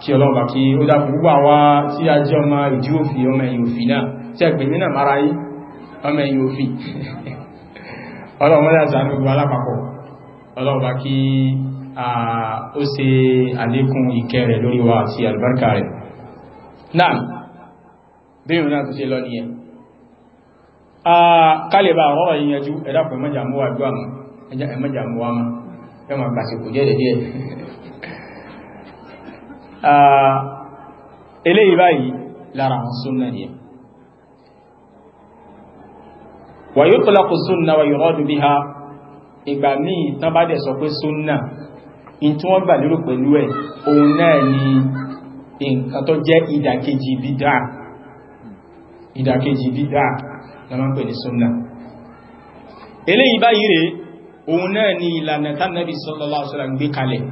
kí ọlọ́run bá kí ó dá gbogbo àwa tí a jẹ́ ọmọ ìdí òfì ọmọ ẹ̀yìn òfì náà tí a pè mí náà mara yí ọmọ ẹ̀yìn òfì [LAUGHS] ọlọ́run ó ṣe àlékún ìkẹ́ rẹ̀ lórí wa àti àlùbáríkà rẹ̀ náà bí ìrìn náà tó ṣe lọ nìyẹn kálẹ̀bà ọ̀rọ̀ yíyanjú ẹ̀dàpọ̀ ẹmọ́jàmúwà jù àmà ẹmọ́jàmúwà ma yọ ma gbàṣẹ̀kù jẹ́ dẹ̀dẹ̀ eléyìí báyìí lára àwọn súnnà ni wà yóò tọ́lákù súnnà wà yóò rọ́dù bí ha ìgbà míì tán bá dẹ̀ sọ pé súnnà in tí wọ́n gbà lérò pẹ̀lú ẹ̀ òun náà ni nǹkan tó jẹ́ ìdàkejì bídá ìdàkejì bídá lọ́nà pè ní súnnà eléyìí báyìí rẹ̀ òun náà ni ìlànà tánàbí sallallahu alaihi wasallam gbé kalẹ̀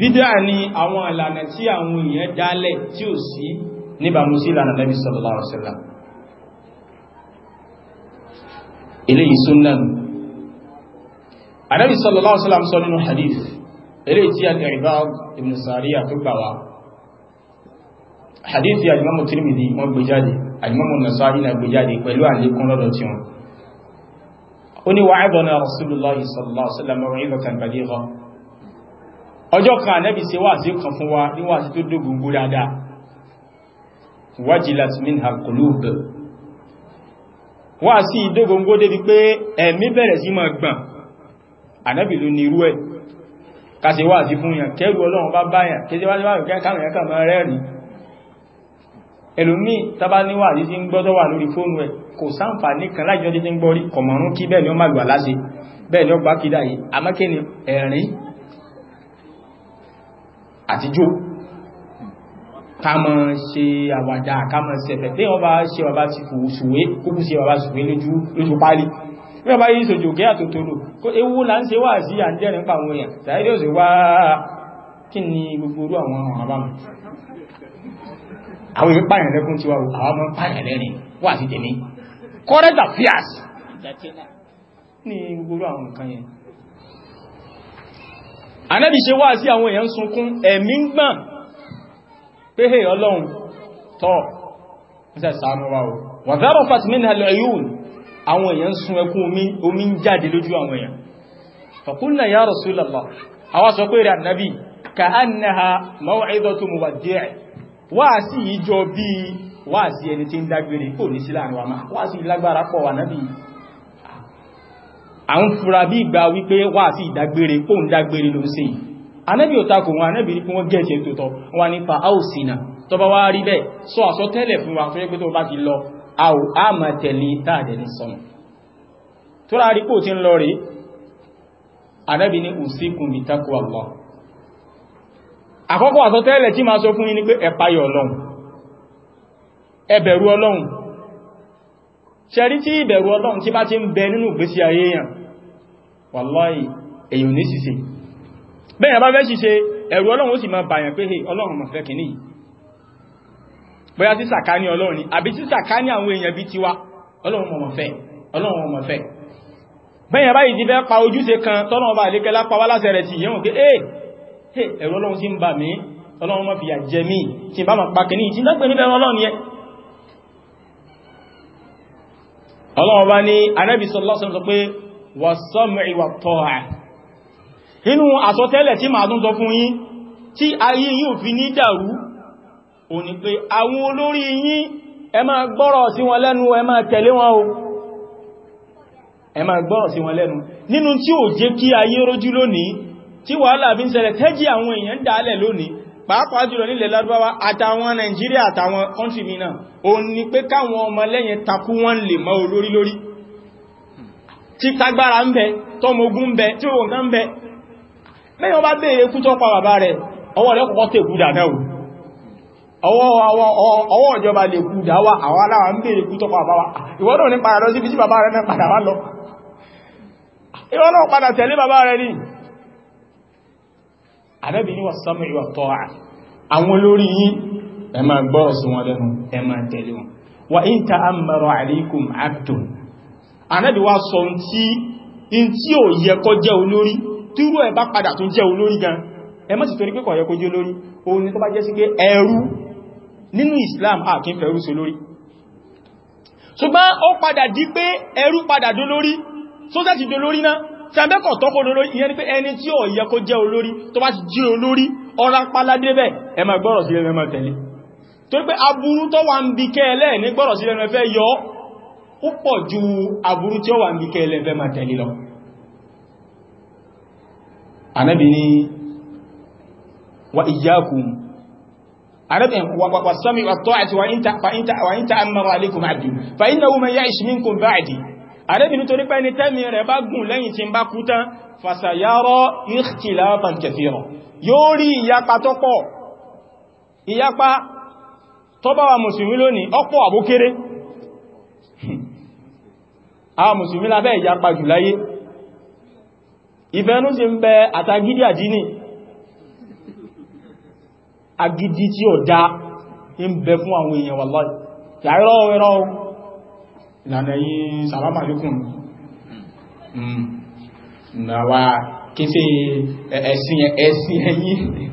bídá ni àwọn ìlànà tí àwọn èèyàn dálẹ̀ tí ò sí níbàmú sí ìlànà Nábì sallallahu alaihi wasallam eléyìí súnnà Ànábì sallallahu alaihi sọ nínú hadith eléyìí tí al-Irbad ibn Sariya tó gbà wá hadithi al-Imam Tirmidhi wọ́n gbé jáde al-Imam Nasa'i náà gbé jáde pẹ̀lú àlékún lọ́dọ̀ tí wọn ó ní wa'adana Rasulullah sallallahu alaihi wasallam maw'izatan baligha ọjọ́ kan Ànábì ṣe wáàsí kan fún wa ní wáàsí tó dógúngú dáadáa wajilat minha qulub wáàsí ẹ̀ kàṣẹ wà sí fún yàn kẹrù ọlọ́run bá báyàn kẹsẹ wá níwájú káwọn yàn kàn máa rẹ́rìn ẹlòmíì tábá níwà yìí ti ń gbọ́dọ̀ wà lórí fóònù ẹ̀ kò sáǹfààní kan láìjọ́ tí ti ń gbọ́rí kọ̀mọ̀rún kí bẹ́ẹ̀ ni ó màgbà láṣe bẹ́ẹ̀ ni ó gbá kídà yìí amákẹ́ni ẹ̀rín àtijọ́ kámọ̀ ṣe àwàdà kámọ̀ ṣẹ̀fẹ̀ tí wọ́n bá ṣe wà bá ti fòwòsùwé kúkú ṣe wà ṣùwé lójú pálí wọ́n bá yìí sojò gẹ́ àtòtòrò kó ewu là ń ṣe wà sí àjẹ́rin pa èèyàn sàídé ò sì wá kí ni gbogbo orú àwọn ọmọ àwọn ìwé lẹ́kún ti wà wà sí àwọn èèyàn sunkún ẹ̀mí ń pé hey ọlọ́run tọ́ wọ́n sẹ́ sàánú wa o wà fẹ́rọ̀ fatimina lẹ́yìn àwọn èèyàn sun ẹkún omi omi ń jáde lójú àwọn èèyàn fàkúnnà ya Rasulullah àwọn sọ pé rẹ̀ ànábì ka annaha maw'idatu muwaddi' wáàsí yìí jọ bí wáàsí ẹni tí ń dágbére kò ní sí láàrin wa wà nábì à ń ń dágbére ló ní kí wọ́n gẹ̀ẹ́sẹ̀ tó tọ́ wọn nípa a máa tẹ̀lé táàdẹ̀ ní sọnù tó rárí kò tí ń lọ rí ní usikum bi taqwa àkọ́kọ́ àsọtẹ́lẹ̀ tí máa sọ fún yín pé ẹ páyà Ọlọ́run ẹ ṣẹ̀rí tí ti ń bẹ nínú ìgbésí ayé èèyàn wàláì bóyá sí sàkání ọlọ́run ni àbí sí sàkání àwọn èèyàn bí tiwa ọlọ́run mọ̀mọ̀ fẹ́ ọlọ́run mọ̀mọ̀ fẹ́ bẹ́yẹn báyìí ti fẹ́ pa ojúṣe kan tọ́lọ́run bá lékẹ́ lápá wá láṣẹ rẹ̀ ti yẹ́wọ̀n pé ee ẹ̀rọ ọlọ́run sí ń bà mí ọlọ́run mọ̀ fìyà jẹ mí tí bá mọ̀ pàkíní tí dápẹ́ níbẹ̀ ọlọ́run yẹ ọlọ́run bá ní anábì sọlọ́sọ sọ ayé yìí fi ní dàrú ó ní pé àwọn olórí yín ẹ máa gbọ́rọ̀ sí wọn lẹ́nu ẹ máa tẹ̀lé wọn o ẹ máa gbọ́rọ̀ sí wọn lẹ́nu nínú tí ò jẹ́ kí ayé rójú lónìí tí wàhálà bí ń ṣẹlẹ̀ tẹ́jì àwọn èèyàn dálẹ̀ lónìí pàápàá jùlọ nílẹ̀ lárúbáwá ọwọ́ rẹ̀ kọ́kọ́ tèkú ọwọ́ ìjọba lè kú dáwà àwọn aláwà ń bèèrè kú tọ́kọ àbáwà ìwọ́nà ní padà lọ sí tí bàbá rẹ̀ náà padà wá lọ ìwọ́nà padà tẹ̀lé bàbá rẹ̀ ní àdẹ́bì ní wàsánmù ìwà tọ́ àwọn olórí yìí ẹ máa gbọ́rọ̀ sí wọn lẹ́nu ẹ máa tẹ̀lé wọn wà ń ta àmàrọ̀ àríkùn àtùn àdẹ́bì wá sọ tí in tí ò ni tó bá jẹ́ sí pé ẹrú nínú Islam a kì í fẹ́ ẹrú sí olórí ṣùgbọ́n ó padà di pé ẹrú padà dolórí tó tẹ́ ti dolórí náà tàbẹ́kọ̀ tọ́kọ̀ olórí ìyẹn ni pé ẹni tí ó yẹ kó jẹ́ olórí tó bá ti jí olórí ọ̀rá paládé bẹ́ ẹ má gbọ́rọ̀ sí lẹ́nu ẹ má tẹ̀lé tó pé aburú tó wà ń bí kẹ́ẹ̀lẹ́ ní gbọ́rọ̀ sí lẹ́nu ẹ fẹ́ yọ ó pọ̀ ju aburú tí ó wà ń bí kẹ́ẹ̀lẹ́ fẹ́ má tẹ̀lé lọ Ànábì ní wa iyyakum عربي والسمع والطاعة وإن فإن وإن تأمر عليكم عبدي فإنه من يعش منكم بعدي عربي nítorí pé ẹni tẹ́mi rẹ̀ bá gùn lẹ́yìn tí ń bá kú tán فسيرى اختلافا كثيرا yóò rí ìyapa tó pọ̀ ìyapa tó bá wa mùsùlùmí lónìí ọ̀pọ̀ àbókéré [LAUGHS] àwọn mùsùlùmí lábẹ́ ìyapa jù láyé ìfẹ́nú sí ń bẹ àtagídí àdínì agidi tí ó dá ń bẹ fún àwọn èèyàn wà lọ́yìn yàrá ẹ̀rọ ìlànà yìí sàrámà lókùn hmm. nàwà kéfè ẹ̀sìn ẹ̀yìn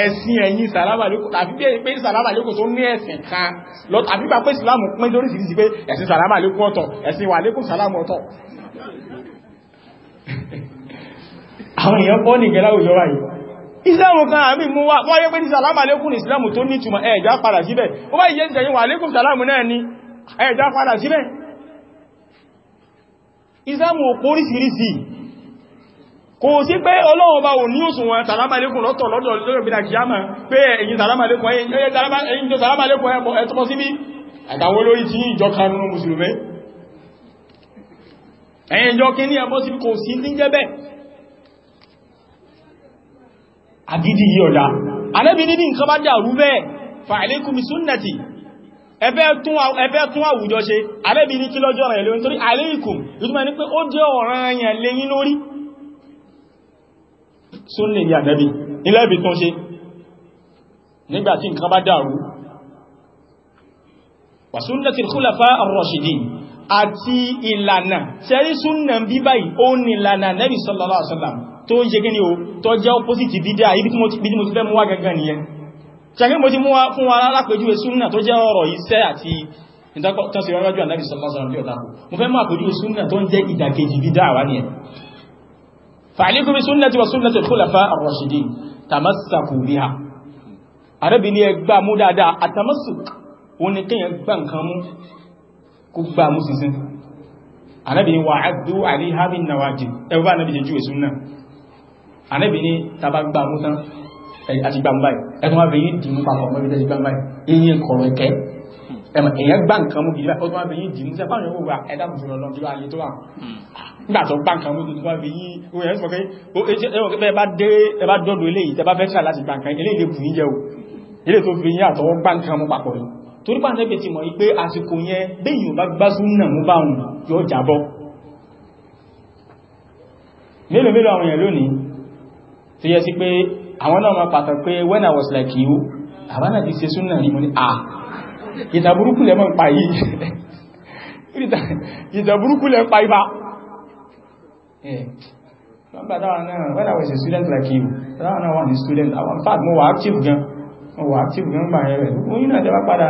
ẹ̀sìn ẹ̀yìn sàrámà lókùn tàbí pé sàrámà lókùn tó ní ẹ̀sìn kan lọ tàbí bá pé ìsìlámù pín lórí sí pé ẹ̀sìn sàrámà lókùn ọ̀tọ̀ ẹ̀sìn wà lókùn sàrámà ọ̀tọ̀ àwọn èèyàn islamu kan àmì mú wá wáyé pé ní sàlámà lékún ní ìsìláàmù tó ní túnmọ̀ ẹ̀ẹ̀já padà síbẹ̀ ó bá ìyẹ́ ìjẹ̀yìn wà lékún sàlámù náà ní ẹ̀ẹ̀já padà síbẹ̀ ìsìláàmù òpó orísìírísìí kò sí pé ọlọ́run bá ò ní òṣùwọ̀n sàlámà lékún lọ́tọ̀ lọ́dọ̀ lórí ìbìnà kìyàmà pé ẹ̀yìn sàlámà lékún ẹ̀yìn tó agídí yí ọ̀dá Ànábì ní nǹkan bá dàrú bẹ́ẹ̀ fa'alaykum sunnati ẹbẹ́ tún àwùjọ ṣe Ànábì ní kí lọ́jọ́ rẹ̀ lóyìn torí alaykum ìtumọ̀ ní pé ó jẹ́ ọ̀ranyàn lẹ́yìn lórí súnnà ní Ànábì ilẹ̀ ibi tún ṣe nígbàtí nǹkan bá dàrú wa sallallahu alaihi tó ń ṣe gíní o tó jẹ́ opposite bídá ibi tí mo ti fẹ́ mú wá gangan nìyẹn ṣàgbé mo ti mú wá fún wa lápẹjúwe súnnà tó jẹ́ ọ̀rọ̀ iṣẹ́ àti ìtàkọ̀tọ́síwájú ànábì sallallahu alaihi wasallam mo fẹ́ mú àpẹjúwe súnnà tó ń jẹ́ ìdàkejì bídá wá nìyẹn fa'alikum bi egba mu dáadáa atamassuk oni kiyan gba nǹkan mú ku gba mu sisin ànẹ́bì ní tàbá gbà mú tán àti gbàmbá ẹ̀tún wá bẹ̀yìn dìmú papọ̀ mọ́bí tẹ́ gbàmbá ìyẹn kọ̀rọ̀ ẹ̀kẹ́ èyàn gbà nǹkan mú gidi ọdún wábẹ̀ yìí dìmú sẹ́pàá yóò wà ẹ̀dá bùsùn lọ bí wáyé tó wà nígbà tó gbà nǹkan mú gidi wá bí yìí òyìn ẹ̀sùn pọ̀kẹ́ ẹ̀wọ̀n pẹ́ ẹbá dọ́dọ̀ eléyìí tẹbá fẹ́ sà láti gbà nǹkan eléyìí lè bù yín jẹ́ o eléyìí tó fi yín àtọwọ́ gbà nǹkan mú papọ̀ yìí torí pàṣẹ pé ti mọ̀ yí pé àsìkò yẹn béèyàn bá gbá súnà mú báwọn yóò jábọ́ mélòó mélòó àwọn èèyàn lónìí tó yẹ sí pé àwọn náà máa pàtàkì pé when I was like you àbá náà ti ṣe súnà ní mo ní à ìdà burúkú lẹ mọ́ ń pa yìí [LAUGHS] ìdà burúkú ń pa ibá Nígbà when I was a student like you, táwọn náà wà ní student, in fact, mo active gan, mo active gan gbà ẹ̀rẹ̀. Oyún náà jẹba padà,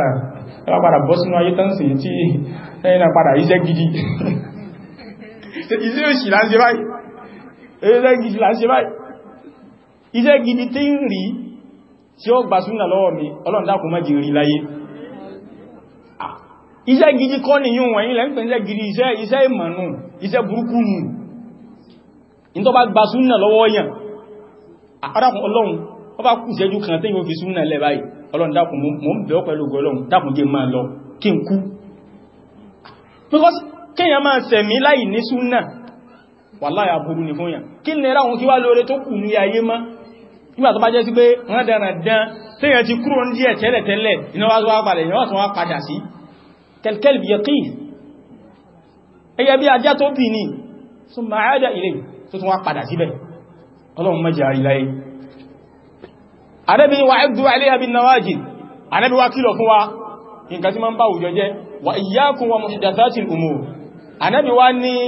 jẹba padà bọ́ sínú ayé tán sí tí ẹ̀yìn náà padà iṣẹ́ gidi. [LAUGHS] Iṣẹ́ òṣì láti ṣe báyìí iṣẹ́ gidi tí ń rí tí ó gbà súnà lọ́wọ́ mi Ọlọ́run dákun má jẹ́ rí láyé ah, iṣẹ́ gidi kọ́ ni yíò wọ̀nyí lẹ́n pẹ̀ iṣẹ́ gidi iṣẹ́ ìmọ̀nù iṣẹ́ burúkú nù in tó bá gbà súnà lọ́wọ́ yàn àkọ́dàkùn ah, Ọlọ́run ó bá kù ìṣẹ́jú kan tí yóò fi súnà lẹ́ báyìí Ọlọ́run dákun mò ń bẹ̀ ọ́ pẹ̀lú wàláyà burú ni fún yàn kí nira òun kí wá lóore tó kù ní ayé máa nígbà tó bá jẹ́ sí pé wọ́n dára dán tí yẹn ti kúrò ní díẹ̀ tẹ́lẹ̀ tẹ́lẹ̀ iná wá tó wá padà ìyẹn wọ́n tó wá padà sí kẹlkẹl bí yẹkí ẹyẹ bí ajá tó bì ní tó máa ádá ilé tó tún wá padà síbẹ̀ ọlọ́run mẹ́jẹ àríláyé àdẹ́bí wa ẹgbù aléhàbí náwájì àdẹ́bí wa kìlọ̀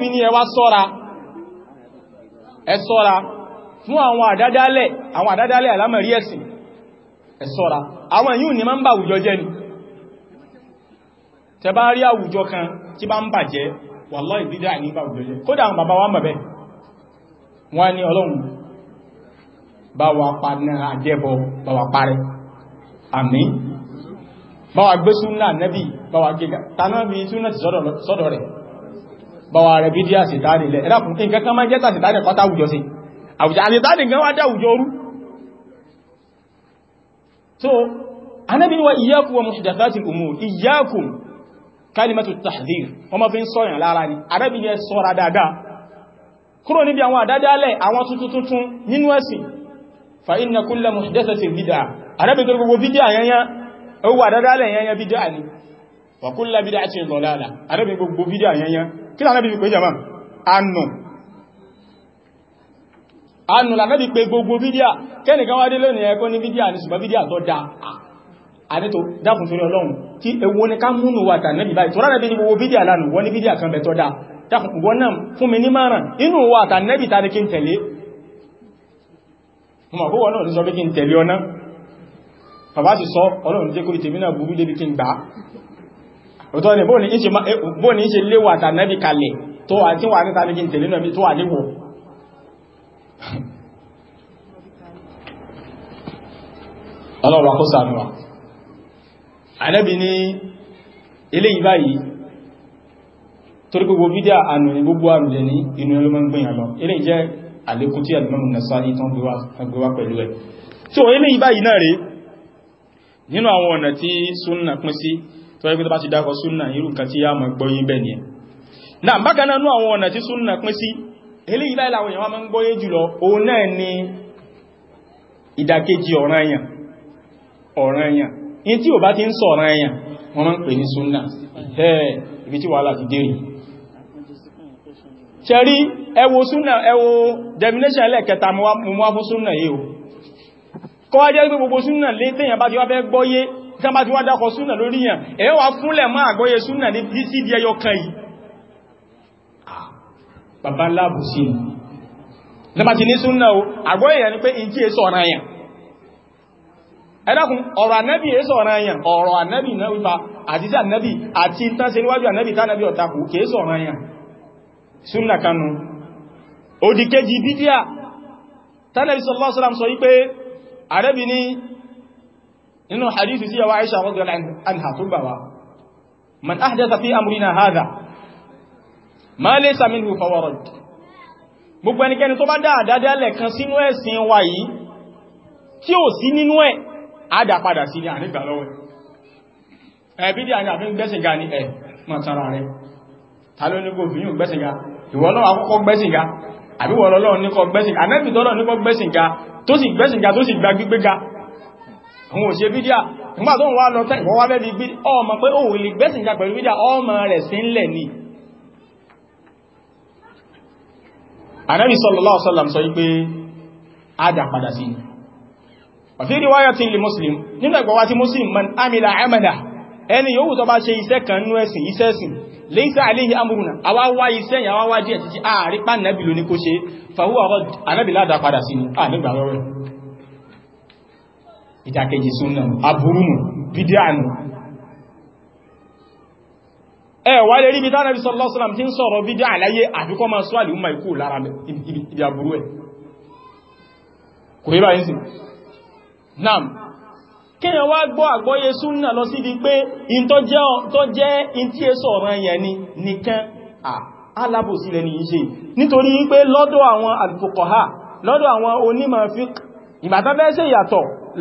ní ẹwà sọ́ra ẹ ṣọ́ra fún àwọn àdádálẹ̀ àwọn àdádálẹ̀ àlámọ̀rí ẹ̀sìn ẹ ṣọ́ra àwọn yìí ni máa ń bà àwùjọ jẹ́ ni tẹ bá rí àwùjọ kan tí bá ń bàjẹ́ wallahi bídá ní bà àwùjọ jẹ́ kódà àwọn bàbá wa mọ̀bẹ́ wọ́n ní bá wa pa bàwà rẹ̀ bí díà sìtáàdì lẹ̀ ẹ̀dàkùn tí nǹkan kan máa jẹ́ tàṣìtáàdì pátá àwùjọ sí àwùjọ àṣìtáàdì gan wá dáwùjọ orú so anábi wa iyyakum wa muhdathatil umur iyyakum kalimatu tahdhir wọ́n ma fi ń sọ́yàn lára ni arábi ni ẹ sọ́ra dáadáa kúrò níbi àwọn àdádálẹ̀ àwọn tuntun tuntun nínú ẹ̀sìn fa inna kulla muhdathatin bid'ah arábi tó gbogbo bídíà yanya owó àdádálẹ̀ yanya bídíà ni wa kulla bid'atin dalalah arábi gbogbo bídíà yanya kí lànàbí pé jama anù anù lànàbí pé gbogbo bídíà kẹ́nìkan wádé lónìí ẹkọ́ ní bídíà ní ṣùgbọ́n bídíà tó dáa àdẹ́tò dákùn torí ọlọ́run kí ewu ní ká múnù wà tànàbí báyìí tó rárẹ̀ bí ní gbogbo bídíà lánù wọ́n ní bídíà kan bẹ̀ tó dáa dákùn wọ́n náà fún mi ní márùn inú wà tànàbí tàbí kí n tẹ̀lé ọmọ àkówọ́ náà òtọ́ ni bóò ní ṣe eh, léwà tànẹ́bì kalẹ̀ tó wà tí wà ní tàbí kí n tẹ̀lé náà tó wà níwò ọlọ́wà kó sàmìwà ànẹ́bì ní ilé ìbáyìí torí gbogbo bídíà ànù ní gbogbo àrùn lè ní inú ẹlọ́mọ́ ń gbìyàn lọ ilé ìjẹ́ àlékún tí àlùmọ́mù tó ẹgbẹ́ tó bá ti dákọ̀ súnà irú nǹkan tí a mọ̀ gbọ́yé bẹ́ẹ̀ ni na bákan náà àwọn ọ̀nà tí súnà pín sí eléyìí láì láwọn èèyàn máa gbọ́yé jùlọ òun náà ni ìdàkejì ọ̀ranyàn ọ̀ranyàn in ti ń sọ ọ̀ranyàn wọ́n tẹ́mà tí wọ́n dákọ̀ súnà lórí yàn ẹ wà fúnlẹ̀ mọ́ àgbọ́yẹ súnà ní bí ah, sí díẹyọ yìí bàbá sí ti ní súnà o àgbọ́yẹ yà pé in tí èso ọ̀rọ̀ àyàn anabi ọ̀rọ̀ ànábì èso ọ̀rọ̀ àyàn ọ̀rọ̀ ànábì náà wípa àti kanu nínú hadithi sí yawa aisha radiyallahu anha tó gbà wá man ahdatha fi amrina hadha ma laysa minhu fawarad gbogbo ẹnikẹni tó bá dáadáa lẹ́kan sínú ẹ̀sìn wa yìí tí ó sí nínú ẹ̀ àdá padà sí ní ànígbà lọ́wọ́ ẹ̀bí dí àní àfin gbẹ́sìn ga ní ẹ̀ mọ̀ tara rẹ̀ ta ló ní fi yíò gbẹ́sìn ga àwọn òṣè bídíà nígbà tó ń wá lọ tẹ́ ìwọ́wá bẹ́ bí bí ọmọ pé ó lè gbẹ́sìn ìjà pẹ̀lú bídíà ọmọ rẹ̀ sí ń lẹ̀ ní Ànábì sallallahu alaihi wasallam sọ wípé ádà padà sí wa fi riwayatin li Muslim nínú ẹgbọ́wá tí Muslim man amila amada ẹni yóò tó bá ṣe iṣẹ́ kan nú ẹ̀sìn iṣẹ́ sìn laysa alayhi amruna àwa wá iṣẹ́ yẹn àwa wá díẹ̀ títí ààrí pàánàbì lóní kó ṣe fahuwa radd Ànábì ládà padà sí ní ìdàkejì súnnà aburúnù bídíànù ẹ wà lè rí bí tánàbí sọ́lọ́sọ́lọ́m tí ń sọ̀rọ̀ bídíà láyé àdúkọ́ máa sọ́lì ọmọ ikú lára ibi aburú ẹ̀ kò rí báyìí sí nam kíyàn wá gbọ́ àgbọ́yé súnnà lọ sí di pé in tó jẹ́ in tí è sọ̀rọ̀ yẹn ni nìkan alábòsí lẹ́ni ìṣe nítorí pé lọ́dọ̀ àwọn alfuqaha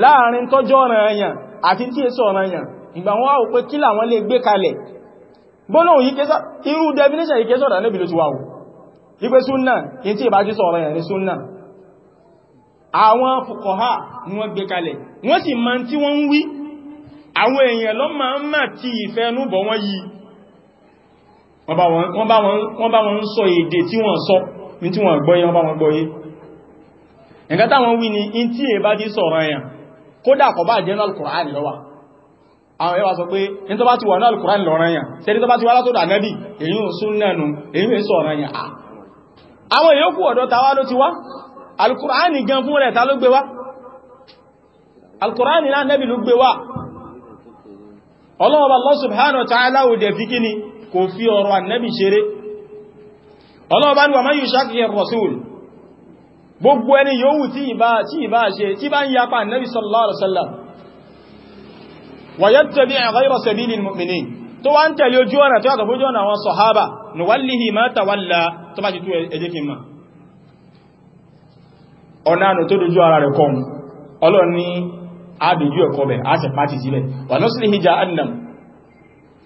láàrin tọ́jọ́ ọ̀rọ̀ ẹ̀yàn àti tí èso ọ̀rọ̀ ẹ̀yàn ìgbà wọn wá wò pé kí làwọn lè gbé kalẹ̀ gbónáhùn yìí kéṣọ́ irú definition yìí kéṣọ́ ìdánilẹ́bì ló ti wà wò ipé súnnà yìí tí ìbájú sọ̀rọ̀ ẹ̀yàn ní súnnà àwọn fùkọ̀há ni wọ́n gbé kalẹ̀ wọ́n sì máa tí wọ́n ń wí àwọn èèyàn lọ máa ń mà tí ìfẹ́núbọ̀ wọ́n yìí wọ́n bá wọn sọ èdè tí wọ́n sọ ní tí wọ́n gbọ́yé wọ́n bá wọn gbọ́yé nǹkan táwọn wí ni in tí èbá jí sọ̀rọ̀ ẹ̀yàn kódà kò bá jẹ́ náà Al-Qur'an ló wà àwọn ẹwà sọ pé ní tó bá ti wà náà Al-Qur'an lọ́rọ̀ yàn tẹ́lẹ̀ tó bá ti wà látọ̀dọ̀ Ànábì èyí ò sún náà nù à àwọn ìyókù ọ̀dọ̀ tàwa ló ti wá Al-Qur'an gan fún rẹ̀ ta ló gbé wá Al-Qur'an náà Ànábì ló gbé wá Ọlọ́hun Allah subhanahu wa ta'ala ò dẹ̀ fi kíni kò fi ọ̀rọ̀ Ànábì ṣeré Ọlọ́hun ní wa man yushaqiqi ar-rasul gbogbo ẹni yòówù tí ìbá tí ìbá ṣe tí bá ń yapa nabi sallallahu alaihi wasallam wa yattabi' ghayra sabilil mu'minin tó wá ń tẹ̀lé ojú ọ̀nà tó yàtọ̀ fójú ọ̀nà àwọn sọ̀hábà nuwallihi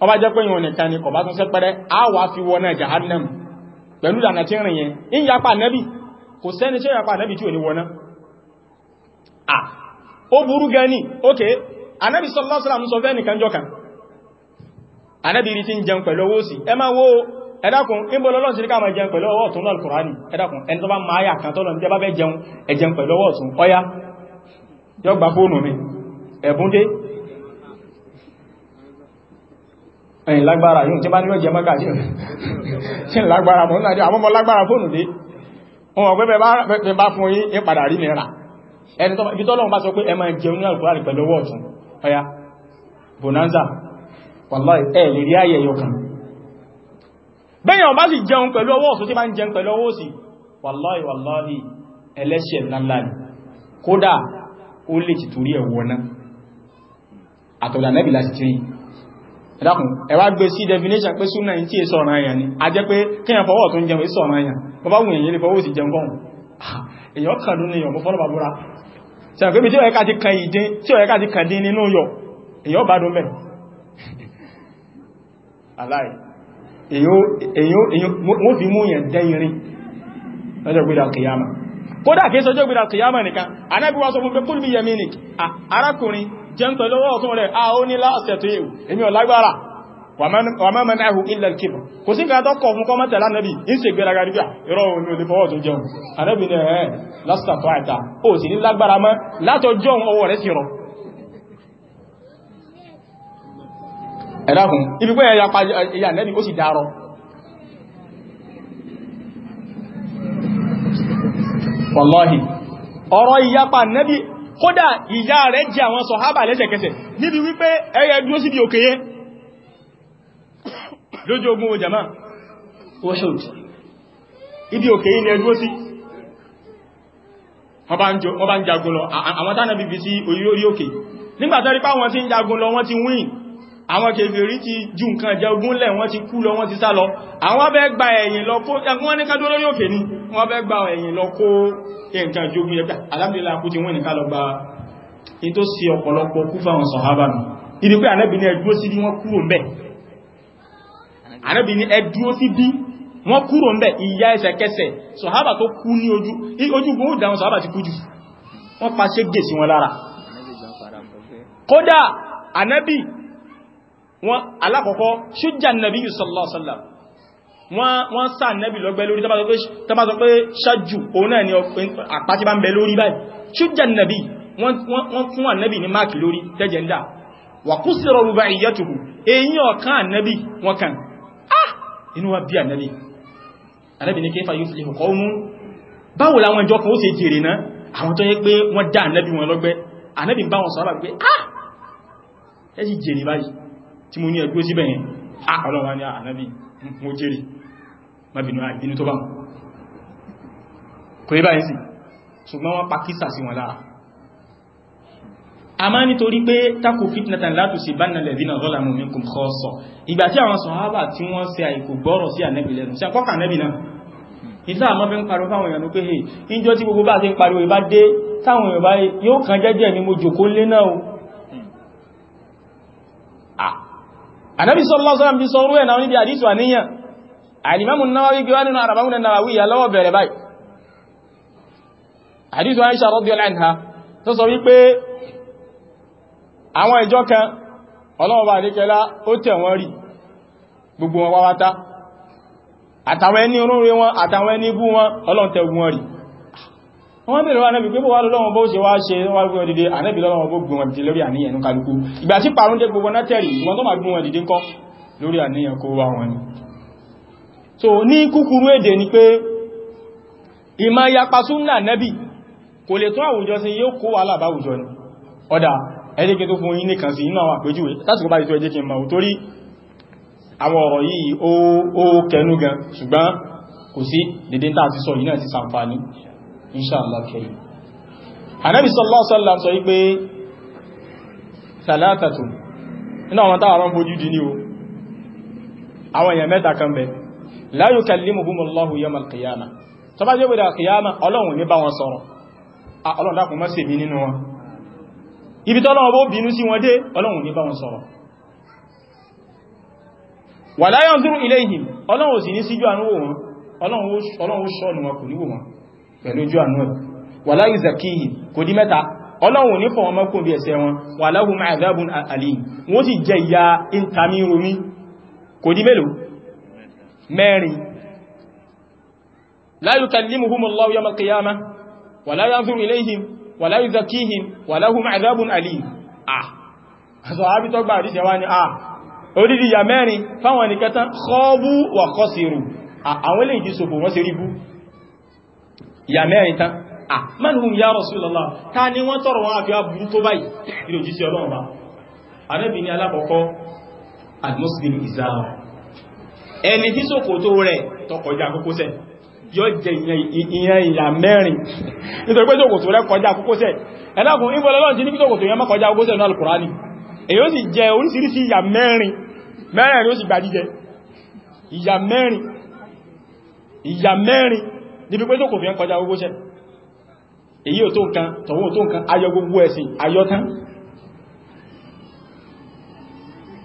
ọba jẹ́ pé ìwọ̀n nìkan ni kọ̀bá tún sẹ́pẹ́rẹ́ á fi wọ́n náà jahannam pẹ̀lú ìlànà tí ń rìn yẹn ń yapa nẹ́bì kò sẹ́ni tí ó yà pa ànábì tí ò ní wọná ah ó burú gan ní ok ànábì sallallahu alaihi wasallam sọ fẹ́ nìkan jọka ànábì rí ti ń jẹun pẹ̀lú owó sí ẹ máa wo ẹ dákun ìbọ̀lọ́lọ́n sí ká máa jẹun pẹ̀lú ọwọ́ ọ̀tún Al-Kùránì ẹ dákun ẹni tó bá máa yà kan tọ́lọ̀ ní tẹ́bá bẹ́ jẹun ẹ jẹun pẹ̀lú ọwọ́ ọ̀tún ọya [LAUGHS] wọn ọ̀gbẹ́ bẹ bá fún yín ní padà rí mẹ́ra ẹni tọ́lọ́run bá sọ pé ẹ máa jẹun ní alùkùránì pẹ̀lú ọwọ́ ọ̀tún ọya bonanza wàláì ẹ̀ lè rí ayẹ yọkùn bẹ́yàn bá sì jẹun pẹ̀lú ọwọ́ ọ̀tún tí bá ń jẹun pẹ̀lú ọwọ́ òsì wàláì wàláì ẹlẹ́ṣẹ̀ ńláńlá ni kódà ó lè ti torí ẹ̀wọ̀ná àtọ̀dà nẹ́bìlá ti tiri ẹ̀dàkùn ẹwà gbé sí definition pé súnà tí è sọ̀rọ̀ àyà ni a jẹ́ pé kíyàn fọwọ́ tó ń jẹun ìsọ̀rọ̀ àyà bọ́bá wù èyí lè fọwọ́ sí jẹun fọ́hùn èyàn kàdún ní ọmọ fọ́lọ́bà búra sẹ́yàn pé bí tí ó ẹka ti kàn ìdín tí ó ẹka ti kàn dín nínú yọ èyàn bá dún bẹ̀rẹ̀ aláì wọ́n fi mú yẹn dẹ́yìnrín lọ́jọ́ gbídà kìyàmà kódà kìí sọjọ́ gbídà jẹun pẹ̀lú ọwọ́ ọ̀tún rẹ̀ a ó ní láàṣẹ tó yíò èmi ò lágbára wà mẹ́mẹ́ náà illa al-kibr kò sí kàtọ́ kọ̀ fún kọmọ́tẹ̀ lánàbí in ṣe gbẹ̀rẹ̀ gàrígbà ìrọ̀ omi ò lè fọwọ́ tó jẹun ànábì ní ẹ̀ẹ́ lásìkà tó àìta ó sì ní lágbára mọ́ látọjọ́ ọwọ́ rẹ̀ sí rọ ẹ̀dàkùn ibi pé ẹ̀yà kódà ìyá rẹ̀ jẹ àwọn sọ̀hábà lẹ́sẹ̀kẹsẹ̀ níbi wípé ẹyẹ dúró síbi òkè yẹn lójú ogun ojàmá wọ́ṣọ́d ibi òkè yìí ni ẹgbó sí wọ́n bá ń jagun lọ àwọn tánàbí fi sí orí òkè nígbàtàrí pá wọn ti ń jagun lọ wọ́n ti wíìn àwọn kèfèrí ti ju nǹkan jẹ ogúnlẹ̀ wọ́n ti kú lọ wọ́n ti sá lọ àwọn bẹ́ gba ẹ̀yìn lọ kó wọ́n ní kádó lórí òkè ní wọ́n bẹ́ gba ẹ̀yìn lọ kó nǹkan jogun ẹgbẹ́ alábìlá kú ti wọ́n nìkan lọ gba in tó sí ọ̀pọ̀lọpọ̀ kú fáwọn sọ̀hábà mi ìdí pé ànábì ní ẹdúró sí bí wọ́n kúrò ńbẹ̀ ànábì ní ẹdúró sí bí wọ́n kúrò ńbẹ̀ ìyá ẹsẹ̀kẹsẹ̀ wọ́n alákọ̀ọ́kọ́ ṣújà nàbí sallallahu alaihi wasallam wọ́n sá nàbí lọ́gbẹ́ lórí tàbá sọ pé ṣájù òun náà ni àpá tí bá ń bẹ lórí báyìí ṣújà nàbí wọ́n fún ànàbí ní máàkì lórí tẹ́jẹ̀ndà wà kú sí rọrù bá ìyẹ́tùkù èyí ọ̀kan ànàbí wọn kan ah inú wa bí ànàbí ànàbí ní kéfà yuflihu qawmun báwo làwọn ìjọ kan ó ṣe jèrè náà àwọn tó yẹ pé wọ́n dá ànàbí wọn tí mo ní ẹgbó síbẹ̀ yẹn àkọlọ́wà ah, ní ah, ànábì mo jẹ́rì mabinu àìbínú tó bá mú kò yí báyìí sí ṣùgbọ́n wọ́n pakísà sí wọn lára a máa nítorí pé takò fitnatan látò sí bá nílẹ̀ dínà rọ́là mú mi kùn kọ́ sọ ìgbà tí àwọn sọ̀hábà tí wọ́n ṣe àìkò gbọ́rọ̀ sí ànẹ́bì lẹ́nu sí àkọ́kà ànẹ́bì náà ìsá àmọ́ fi ń pariwo fáwọn èèyàn pé hey ìjọ tí gbogbo bá ṣe ń pariwo ìbá dé táwọn èèyàn bá yóò kàn jẹ́jẹ́ mi mo jòkó lé náà Ànábì sallallahu alaihi wasallam bí sọ rú ẹ̀ náà níbi àdísù àníyàn Al-Imam An-Nawawi gbé wá nínú Arba'un An-Nawawiyya lọ́wọ́ bẹ̀rẹ̀ báyìí àdísù Aisha radiyallahu anha tó sọ wípé àwọn ìjọ kan wọ́n bèèrè wọn nẹ́bí pé bó wá lọ́wọ́ bó ṣe wá ṣe wá gbé wọn dìde ànẹ́bí lọ́wọ́ bó gbé wọn dìde lórí àníyàn ní kálukú ìgbà tí parun dé gbogbo náà tẹ̀rì tó máa gbé dìde ńkọ́ lórí àníyàn kó wá wọn ni so ni pé ìmá yapa súnnà nẹ́bí kò lè tún àwùjọ sí yóò kó wà lábá àwùjọ ni ọ̀dà ẹ̀dẹ́gẹ́ tó fún yín nìkan sí inú àwọn àpéjúwe láti kó bá ìtọ́ ẹjẹ́ kí n mọ̀ torí sọ yìí náà ti sàǹfààní inshallah karim anabi sallallahu alaihi wasallam sọ wípé salatatu iná wọn táwọn ọmọ ojú dínú o àwọn èèyàn mẹ́ta kan bẹ la yukallimuhumullahu yawmal qiyamah tó bá jẹ́ wèdè àkìyàmà ọlọ́run ní bá wọn sọ̀rọ̀ ọlọ́run dákun má ṣe mí nínú wọn ibi tọ́lọ́run bó bínú sí wọn dé ọlọ́run ní bá wọn sọ̀rọ̀ wala yanzuru ilayhim ọlọ́run pẹ̀lú ojú àánú ẹ̀ wala yuzakkihim kò dí mẹ́ta ọlọ́run ní fọ̀wọ́n mọ́kún bí ẹsẹ̀ wọn wa lahum adhabun alim wọ́n sì jẹ ìyà ìntàmí omi kò dí mélòó mẹ́rin la yukallimuhum Allahu yawm al-qiyamah wa la yanzuru ilayhim wa la yuzakkihim wa lahum adhabun alim ah aṣọ àbítọ́gbà àwọn eléyìí sòfò wọ́n ṣe rí bú ìyà mẹ́rin tán ah manhum ya Rasulullah ta ni wọ́n tọrọ wọn àfi aburú tó báyìí ilé òjíṣẹ́ ọlọ́run bá anábì ní alákọ̀ọ́kọ́ al-muslim izara ẹni tí ṣòkòtò rẹ̀ tó kọjá kókósẹ̀ yóò jẹ ìyẹn ìyà mẹ́rin nítorí pé ṣòkòtò rẹ̀ kọjá kókósẹ̀ ẹ̀dàkùn ìbọ̀lọ́lọ́n ti al-Qur'ani èyí ó sì jẹ oríṣiríṣi ìyà mẹ́rin mẹ́rin ó sì gbà jíjẹ ìyà mẹ́rin ìyà mẹ́rin níbi pé tó kò fi ń kọjá gbogbo ṣẹ́ èyí ò tó nǹkan tọ̀wọ́ tó nǹkan ayọ gbogbo ẹ̀sìn ayọ́tán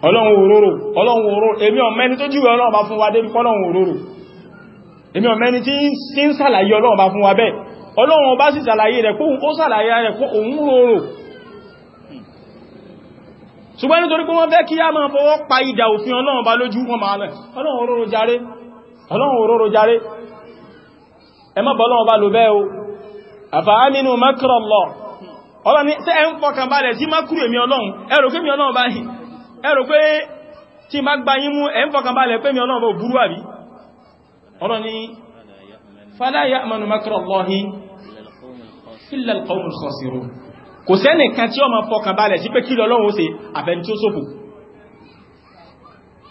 ọlọ́run òróró ọlọ́run òróró èmi ọ̀mẹ́ni tó jùwẹ́ ọlọ́run bá fún wa débi pọ́lọ́run òróró èmi ọ̀mẹ́ni tí ń sàlàyé ọlọ́run bá fún wa bẹ́ẹ̀ ọlọ́run bá sì sàlàyé rẹ̀ kóhun ó sàlàyé rẹ̀ kó òun róró ṣùgbọ́n nítorí pé wọ́n fẹ́ kí a máa fọwọ́ pa ìdà òfin ọlọ́run bá lójú wọn máa lẹ̀ ọlọ́run òróró jàre ẹ má bọ́lọ́wọ́ bá lò bẹ́ẹ̀ o àfàá nínú makrallah ọlọ́ ni ṣe ẹ ń fọkàn balẹ̀ sí mákúrò èmi ọlọ́run ẹ rò pé mi ọlọ́run báyìí ẹ rò pé tí má gba yín mú ẹ ń fọkàn balẹ̀ pé mi ọlọ́run bó burú àbí ọlọ́ ni fala ya'manu makrallahi illa al-qawmul khasirun kò sẹ́nìkan tí ó máa fọkàn balẹ̀ sí pé kí lọ́lọ́run ó ṣe àfẹ́ni tí ó ṣòfò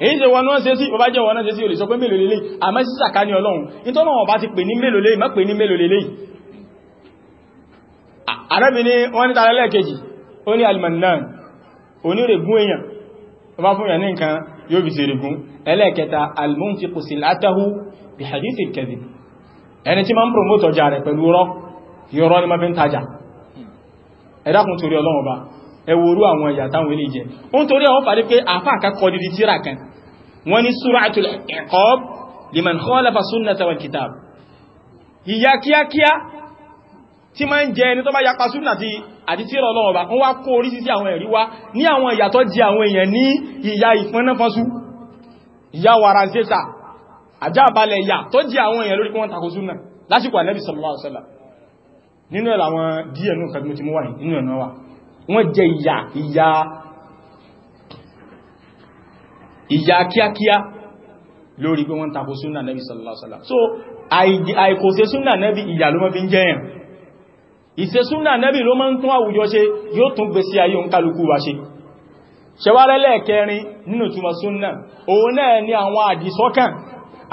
èyí ṣe wọn náà ṣe sí ọba jẹ́ wọn náà ṣe sí olùsọ pé mélòó lélẹ́ àmọ́ sí sàká ní ọlọ́run ìtọ́nà ọba ti pè ní mélòó lélẹ́ mọ́ pè ní mélòó lélẹ́ arábìnrin wọ́n ní tààrà lẹ́ẹ̀kejì ó ní almanan onírègún èèyàn ọba fún yàn ní ẹwòrú àwọn ìyà táwọn ilé jẹ o ń torí àwọn fàrí pé àfá àkàkọ́ dídí tíra kan wọ́n ní suratul iqab liman khalafa sunnata wal kitab ìyà kíákíá tí ma ń jẹ ẹni tó bá yapa súnà àti tíra Ọlọ́run bá wọ́n wá kó oríṣiríṣi àwọn ẹ̀rí wá ní àwọn ìyà tó jẹ àwọn èèyàn ní ìyà ìfọ́nnáfọ́sú ìyà wàràǹsẹ́sà àjábalẹ̀ ìyà tó jẹ àwọn èèyàn lórí pé wọ́n tako súnà lásìkò Ànábì nínú ẹ̀ làwọn díẹ̀ nù kàdùmù ti mú wà nínú ẹ̀ wà wọ́n jẹ ìyà ìyà ìyà kíákíá lórí pé wọ́n tako súnà nẹ́bí sallallahu so àìkò ṣe súnà nẹ́bí ìyà ló mọ́ fi ń jẹ́ ẹ̀ ìṣe súnà nẹ́bí ló máa ń tún àwùjọ ṣe yóò tún gbé sí ayé òǹkálukú wa ṣe ṣẹwárẹ́lẹ̀ kẹrin nínú túnmọ̀ súnà òun náà ni àwọn àdìsọ́kàn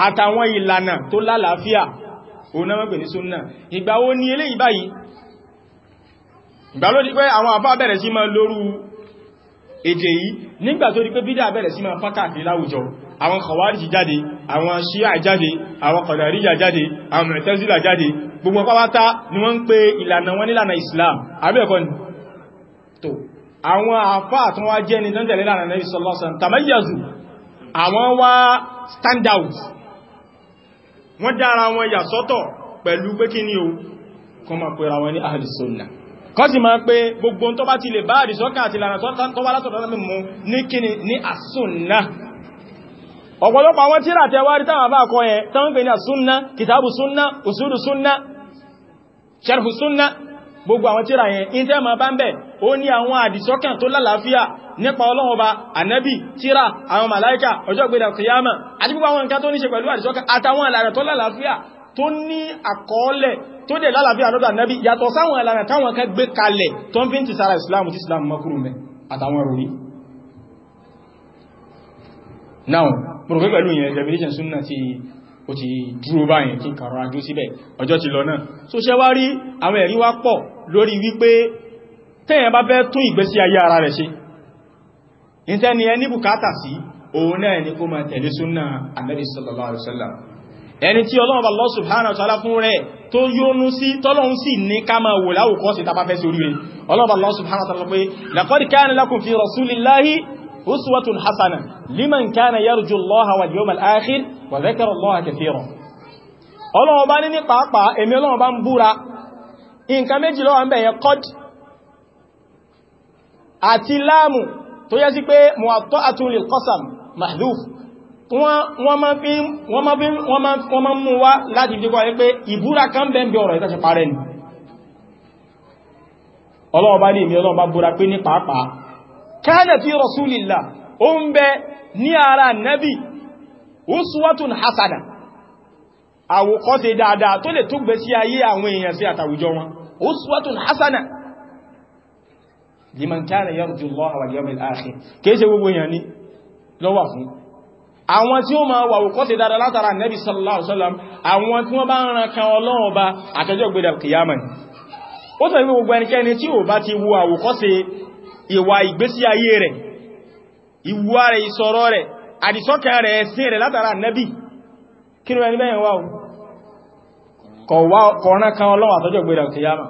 àtàwọn ìlànà tó lálàáfíà òun náà mọ́ pè ní súnà ìgbà wo ni eléyìí báyìí ìgbà ló di pé àwọn àfá bẹ̀rẹ̀ sí máa lórú èdè yìí nígbà tó di pé bídá bẹ̀rẹ̀ sí máa fákàkiri láwùjọ àwọn kọwàríjì jáde àwọn ṣíà jáde àwọn kọ̀dàríjà jáde àwọn mẹ̀tẹ́sílà jáde gbogbo pátá ni wọ́n ń pe ìlànà wọn nílànà Islam abẹ́ẹ̀kọ́ ni tó àwọn àfá àtún wá jẹ́ ni tọ́ntẹ̀lé lànà Nabi sallallahu alaihi wasallam tàmáyàzù àwọn wá stand out wọ́n dára wọn yà sọ́tọ̀ pẹ̀lú pé kí ni o kọ́ máa pẹ̀ra wọn ní ahli kọ́ sì máa pé gbogbo tó bá ti lè bá àdìsọ́kà àti ìlànà tó wá látọ̀dọ̀ mímú ní kíni ní àsúnná ọ̀pọ̀lọpọ̀ àwọn tíra tẹwárí táwọn bá kọ́ yẹn tán pè ní àsúnná kìtàbù súnná usulu súnná sharhu súnná gbogbo àwọn tíra yẹn in tẹ́ ma bá ń bẹ̀ ó ní àwọn àdìsọ́kàn tó lálàáfíà nípa Ọlọ́run Ọba ànábì tíra àwọn màláíkà ọjọ́ ìgbèdà kìyàmà àti gbogbo àwọn nǹkan tó ní ṣe pẹ̀lú àdìsọ́kàn àtàwọn àlàrẹ̀ tó lálàáfíà tó ní àkọọ́lẹ̀ tó dẹ̀ lálàáfíà lọ́dọ̀ Ànábì yàtọ̀ sáwọn ìlànà táwọn kan gbé kalẹ̀ tó ń fi ń ti sára Islam tí Islam mọ́kúrù mẹ́ àtàwọn ìròrí now mo fẹ́ pẹ̀lú ìyẹn revelation sunna tí ó ti dúró báyìí kí kàrọ ajú síbẹ̀ ọjọ́ ti lọ náà so ṣe wá rí àwọn ẹ̀rí wá pọ̀ ni kó máa tẹ̀lé sallallahu alaihi ẹni tí ọlọ́run Allah subhanahu wa ta'ala fún rẹ̀ tó yónú sí tọ́lọ́run sí ní ká máa wò láwùkọ́ sí tàbá fẹ́ sí orí rẹ̀ ọlọ́run Allah subhanahu wa ta'ala pé laqad kana lakum fi rasulillahi uswatun hasana liman kana yarju allaha bá ní ní pàápàá pé muwatta'atun lil wọ́n máa mú wá láti fi kọ́ ẹ pé ìbúra kan bẹ́ ń bẹ ọ̀rọ̀ ìtàṣẹ parẹ́ ni ọlọ́wọ́ bá ní èmì ọlọ́wọ́ bá búra pé ní pàápàá kana fi rasulillah ó ń bẹ ní ara nabi uswatun hasana àwòkọ́ṣe dáadáa tó lè tó gbé sí ayé àwọn èèyàn sí àtàwùjọ wọn uswatun hasana liman kana yarju Allah wal yawmil akhir kéèṣe gbogbo èèyàn ni lọ́wà fún àwọn tí ó ma wà òkọ́ sí dáadáa látara nẹ́bí sallallahu alaihi wasallam àwọn tí wọ́n bá ń ran kan ọlọ́run ba àtẹ́jọ́ gbẹ̀dẹ̀ kìyàmọ̀ ó tẹ̀lé gbogbo ẹnikẹ́ni tí ò bá ti wo àwòkọ́ sí ìwà ìgbésí ayé rẹ̀ ìwà rẹ̀ ìsọ̀rọ̀ rẹ̀ àdìsọ́kẹ́ rẹ̀ ẹ̀sìn rẹ̀ látara nẹ́bí kí ni ẹni bẹ́yẹn wá kọ̀ọ̀rán kan ọlọ́run àtẹ́jọ́ gbẹ̀dẹ̀ kìyàmọ̀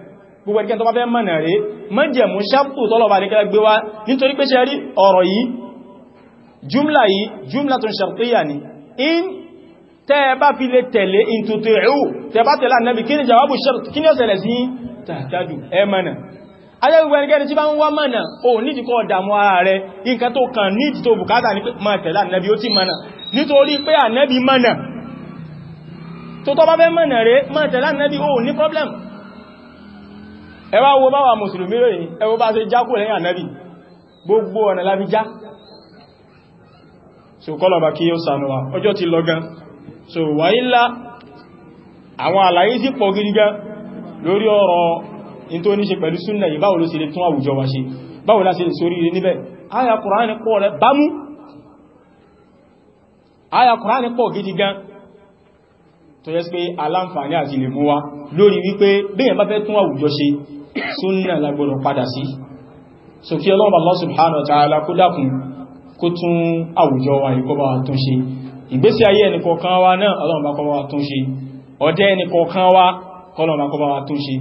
gbogbo ẹ̀kẹ́ tó bá fẹ́ mọ̀nà rẹ̀ mọ́jẹ̀mú ṣápù tọ́lọ̀bà ní kẹ́lẹ́ gbé wá nítorí pé ṣe rí ọ̀rọ̀ yìí jùmlà yìí jùmlà tó ń ṣàpíyà ní in tẹ́ bá fi lè tẹ̀lé in tó tẹ̀ ẹ̀wò tẹ́ bá tẹ̀lá nẹ́bí kí ni jawabu ṣart kí ni ó ṣẹlẹ̀ sí tàjájú ẹ mọ̀nà ayé gbogbo ẹnikẹ́ni tí bá ń wá mọ̀nà o nídìí kọ́ dàmú ara rẹ̀ nǹkan tó kàn nídìí tó bùkátà ní pé máa tẹ̀lá nẹ́bí ó ti mọ̀nà fẹ́ mọ̀nà rẹ̀ máa tẹ̀lá nẹ́bí ó ní problem ẹ wá wo báwa mùsùlùmí lóyìn ẹ wo bá ṣe jákò lẹ́yìn ànábì gbogbo ọ̀nà lábí já so kọlọ̀bà kí ó sànù wa ọjọ́ ti lọ gan so wàílá àwọn àlàyé sí pọ̀ gidi gan lórí ọ̀rọ̀ in tó ní ṣe pẹ̀lú súnnà yìí báwo ló sì lè tún àwùjọ wa ṣe báwo la sì lè sórí níbẹ̀ àyà yẹ́ sí pé aláǹfààní àti lè mú wa lórí wípé bí èèyàn fẹ́ tún àwùjọ ṣe súnnà lagbọ́dọ̀ padà sí so kí ọlọ́run Allah subhanahu wa ta'ala kó dákun kó tún àwùjọ wa yìí kó bá wa tún ṣe ìgbésí ayé ẹnìkọ̀ọ̀kan wa náà ọlọ́run bá kó bá wa tún ṣe ọdẹ ẹnìkọ̀ọ̀kan wa kọlọ́run bá kó bá wa tún ṣe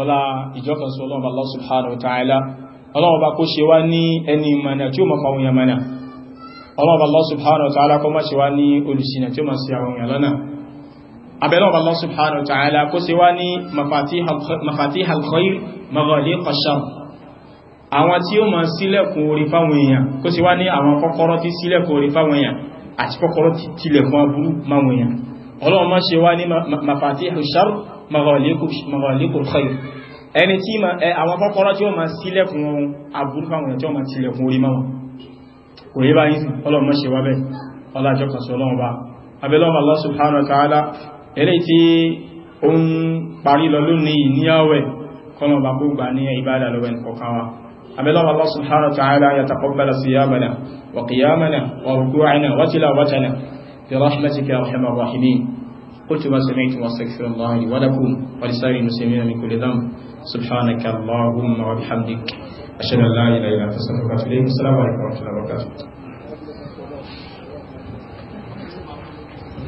ọlá ìjọkànsọ ọlọ́run Allah subhanahu ta'ala ọlọ́run bá kó ṣe wá ní ẹni ìmọ̀nà tí ó mọ̀ Allah subhanahu ta'ala kó má ṣe wá ní olùsìnà tí abẹ́lọ́wọ́ Allah subhanahu wa ta'ala kó ṣe wá ní mafatihal khair maghaliqash sharr àwọn tí ó ma sílẹ̀kùn orí fáwọn èèyàn kó ṣe wá ní àwọn kọ́kọ́rọ́ tí sílẹ̀kùn orí fáwọn èèyàn àti kọ́kọ́rọ́ tí tilẹ̀kùn aburú máwọn èèyàn ọlọ́wọ́ ma ṣe wá ní mafatihal eré tí ó ń parí lọ lónìí ní àwẹ̀ kọ́nà bá kó gbà ní ìbádà lọ́wọ́ ẹnìkọ̀ọ̀kan wa abẹ́lọ́wọ́ Allah subhanahu wa ta'ala ya taqabbala siyamana wa qiyamana wa ruku'ana wa tilawatana bi rahmatika ya arhamar rahimin قلت ما سمعت واستغفر الله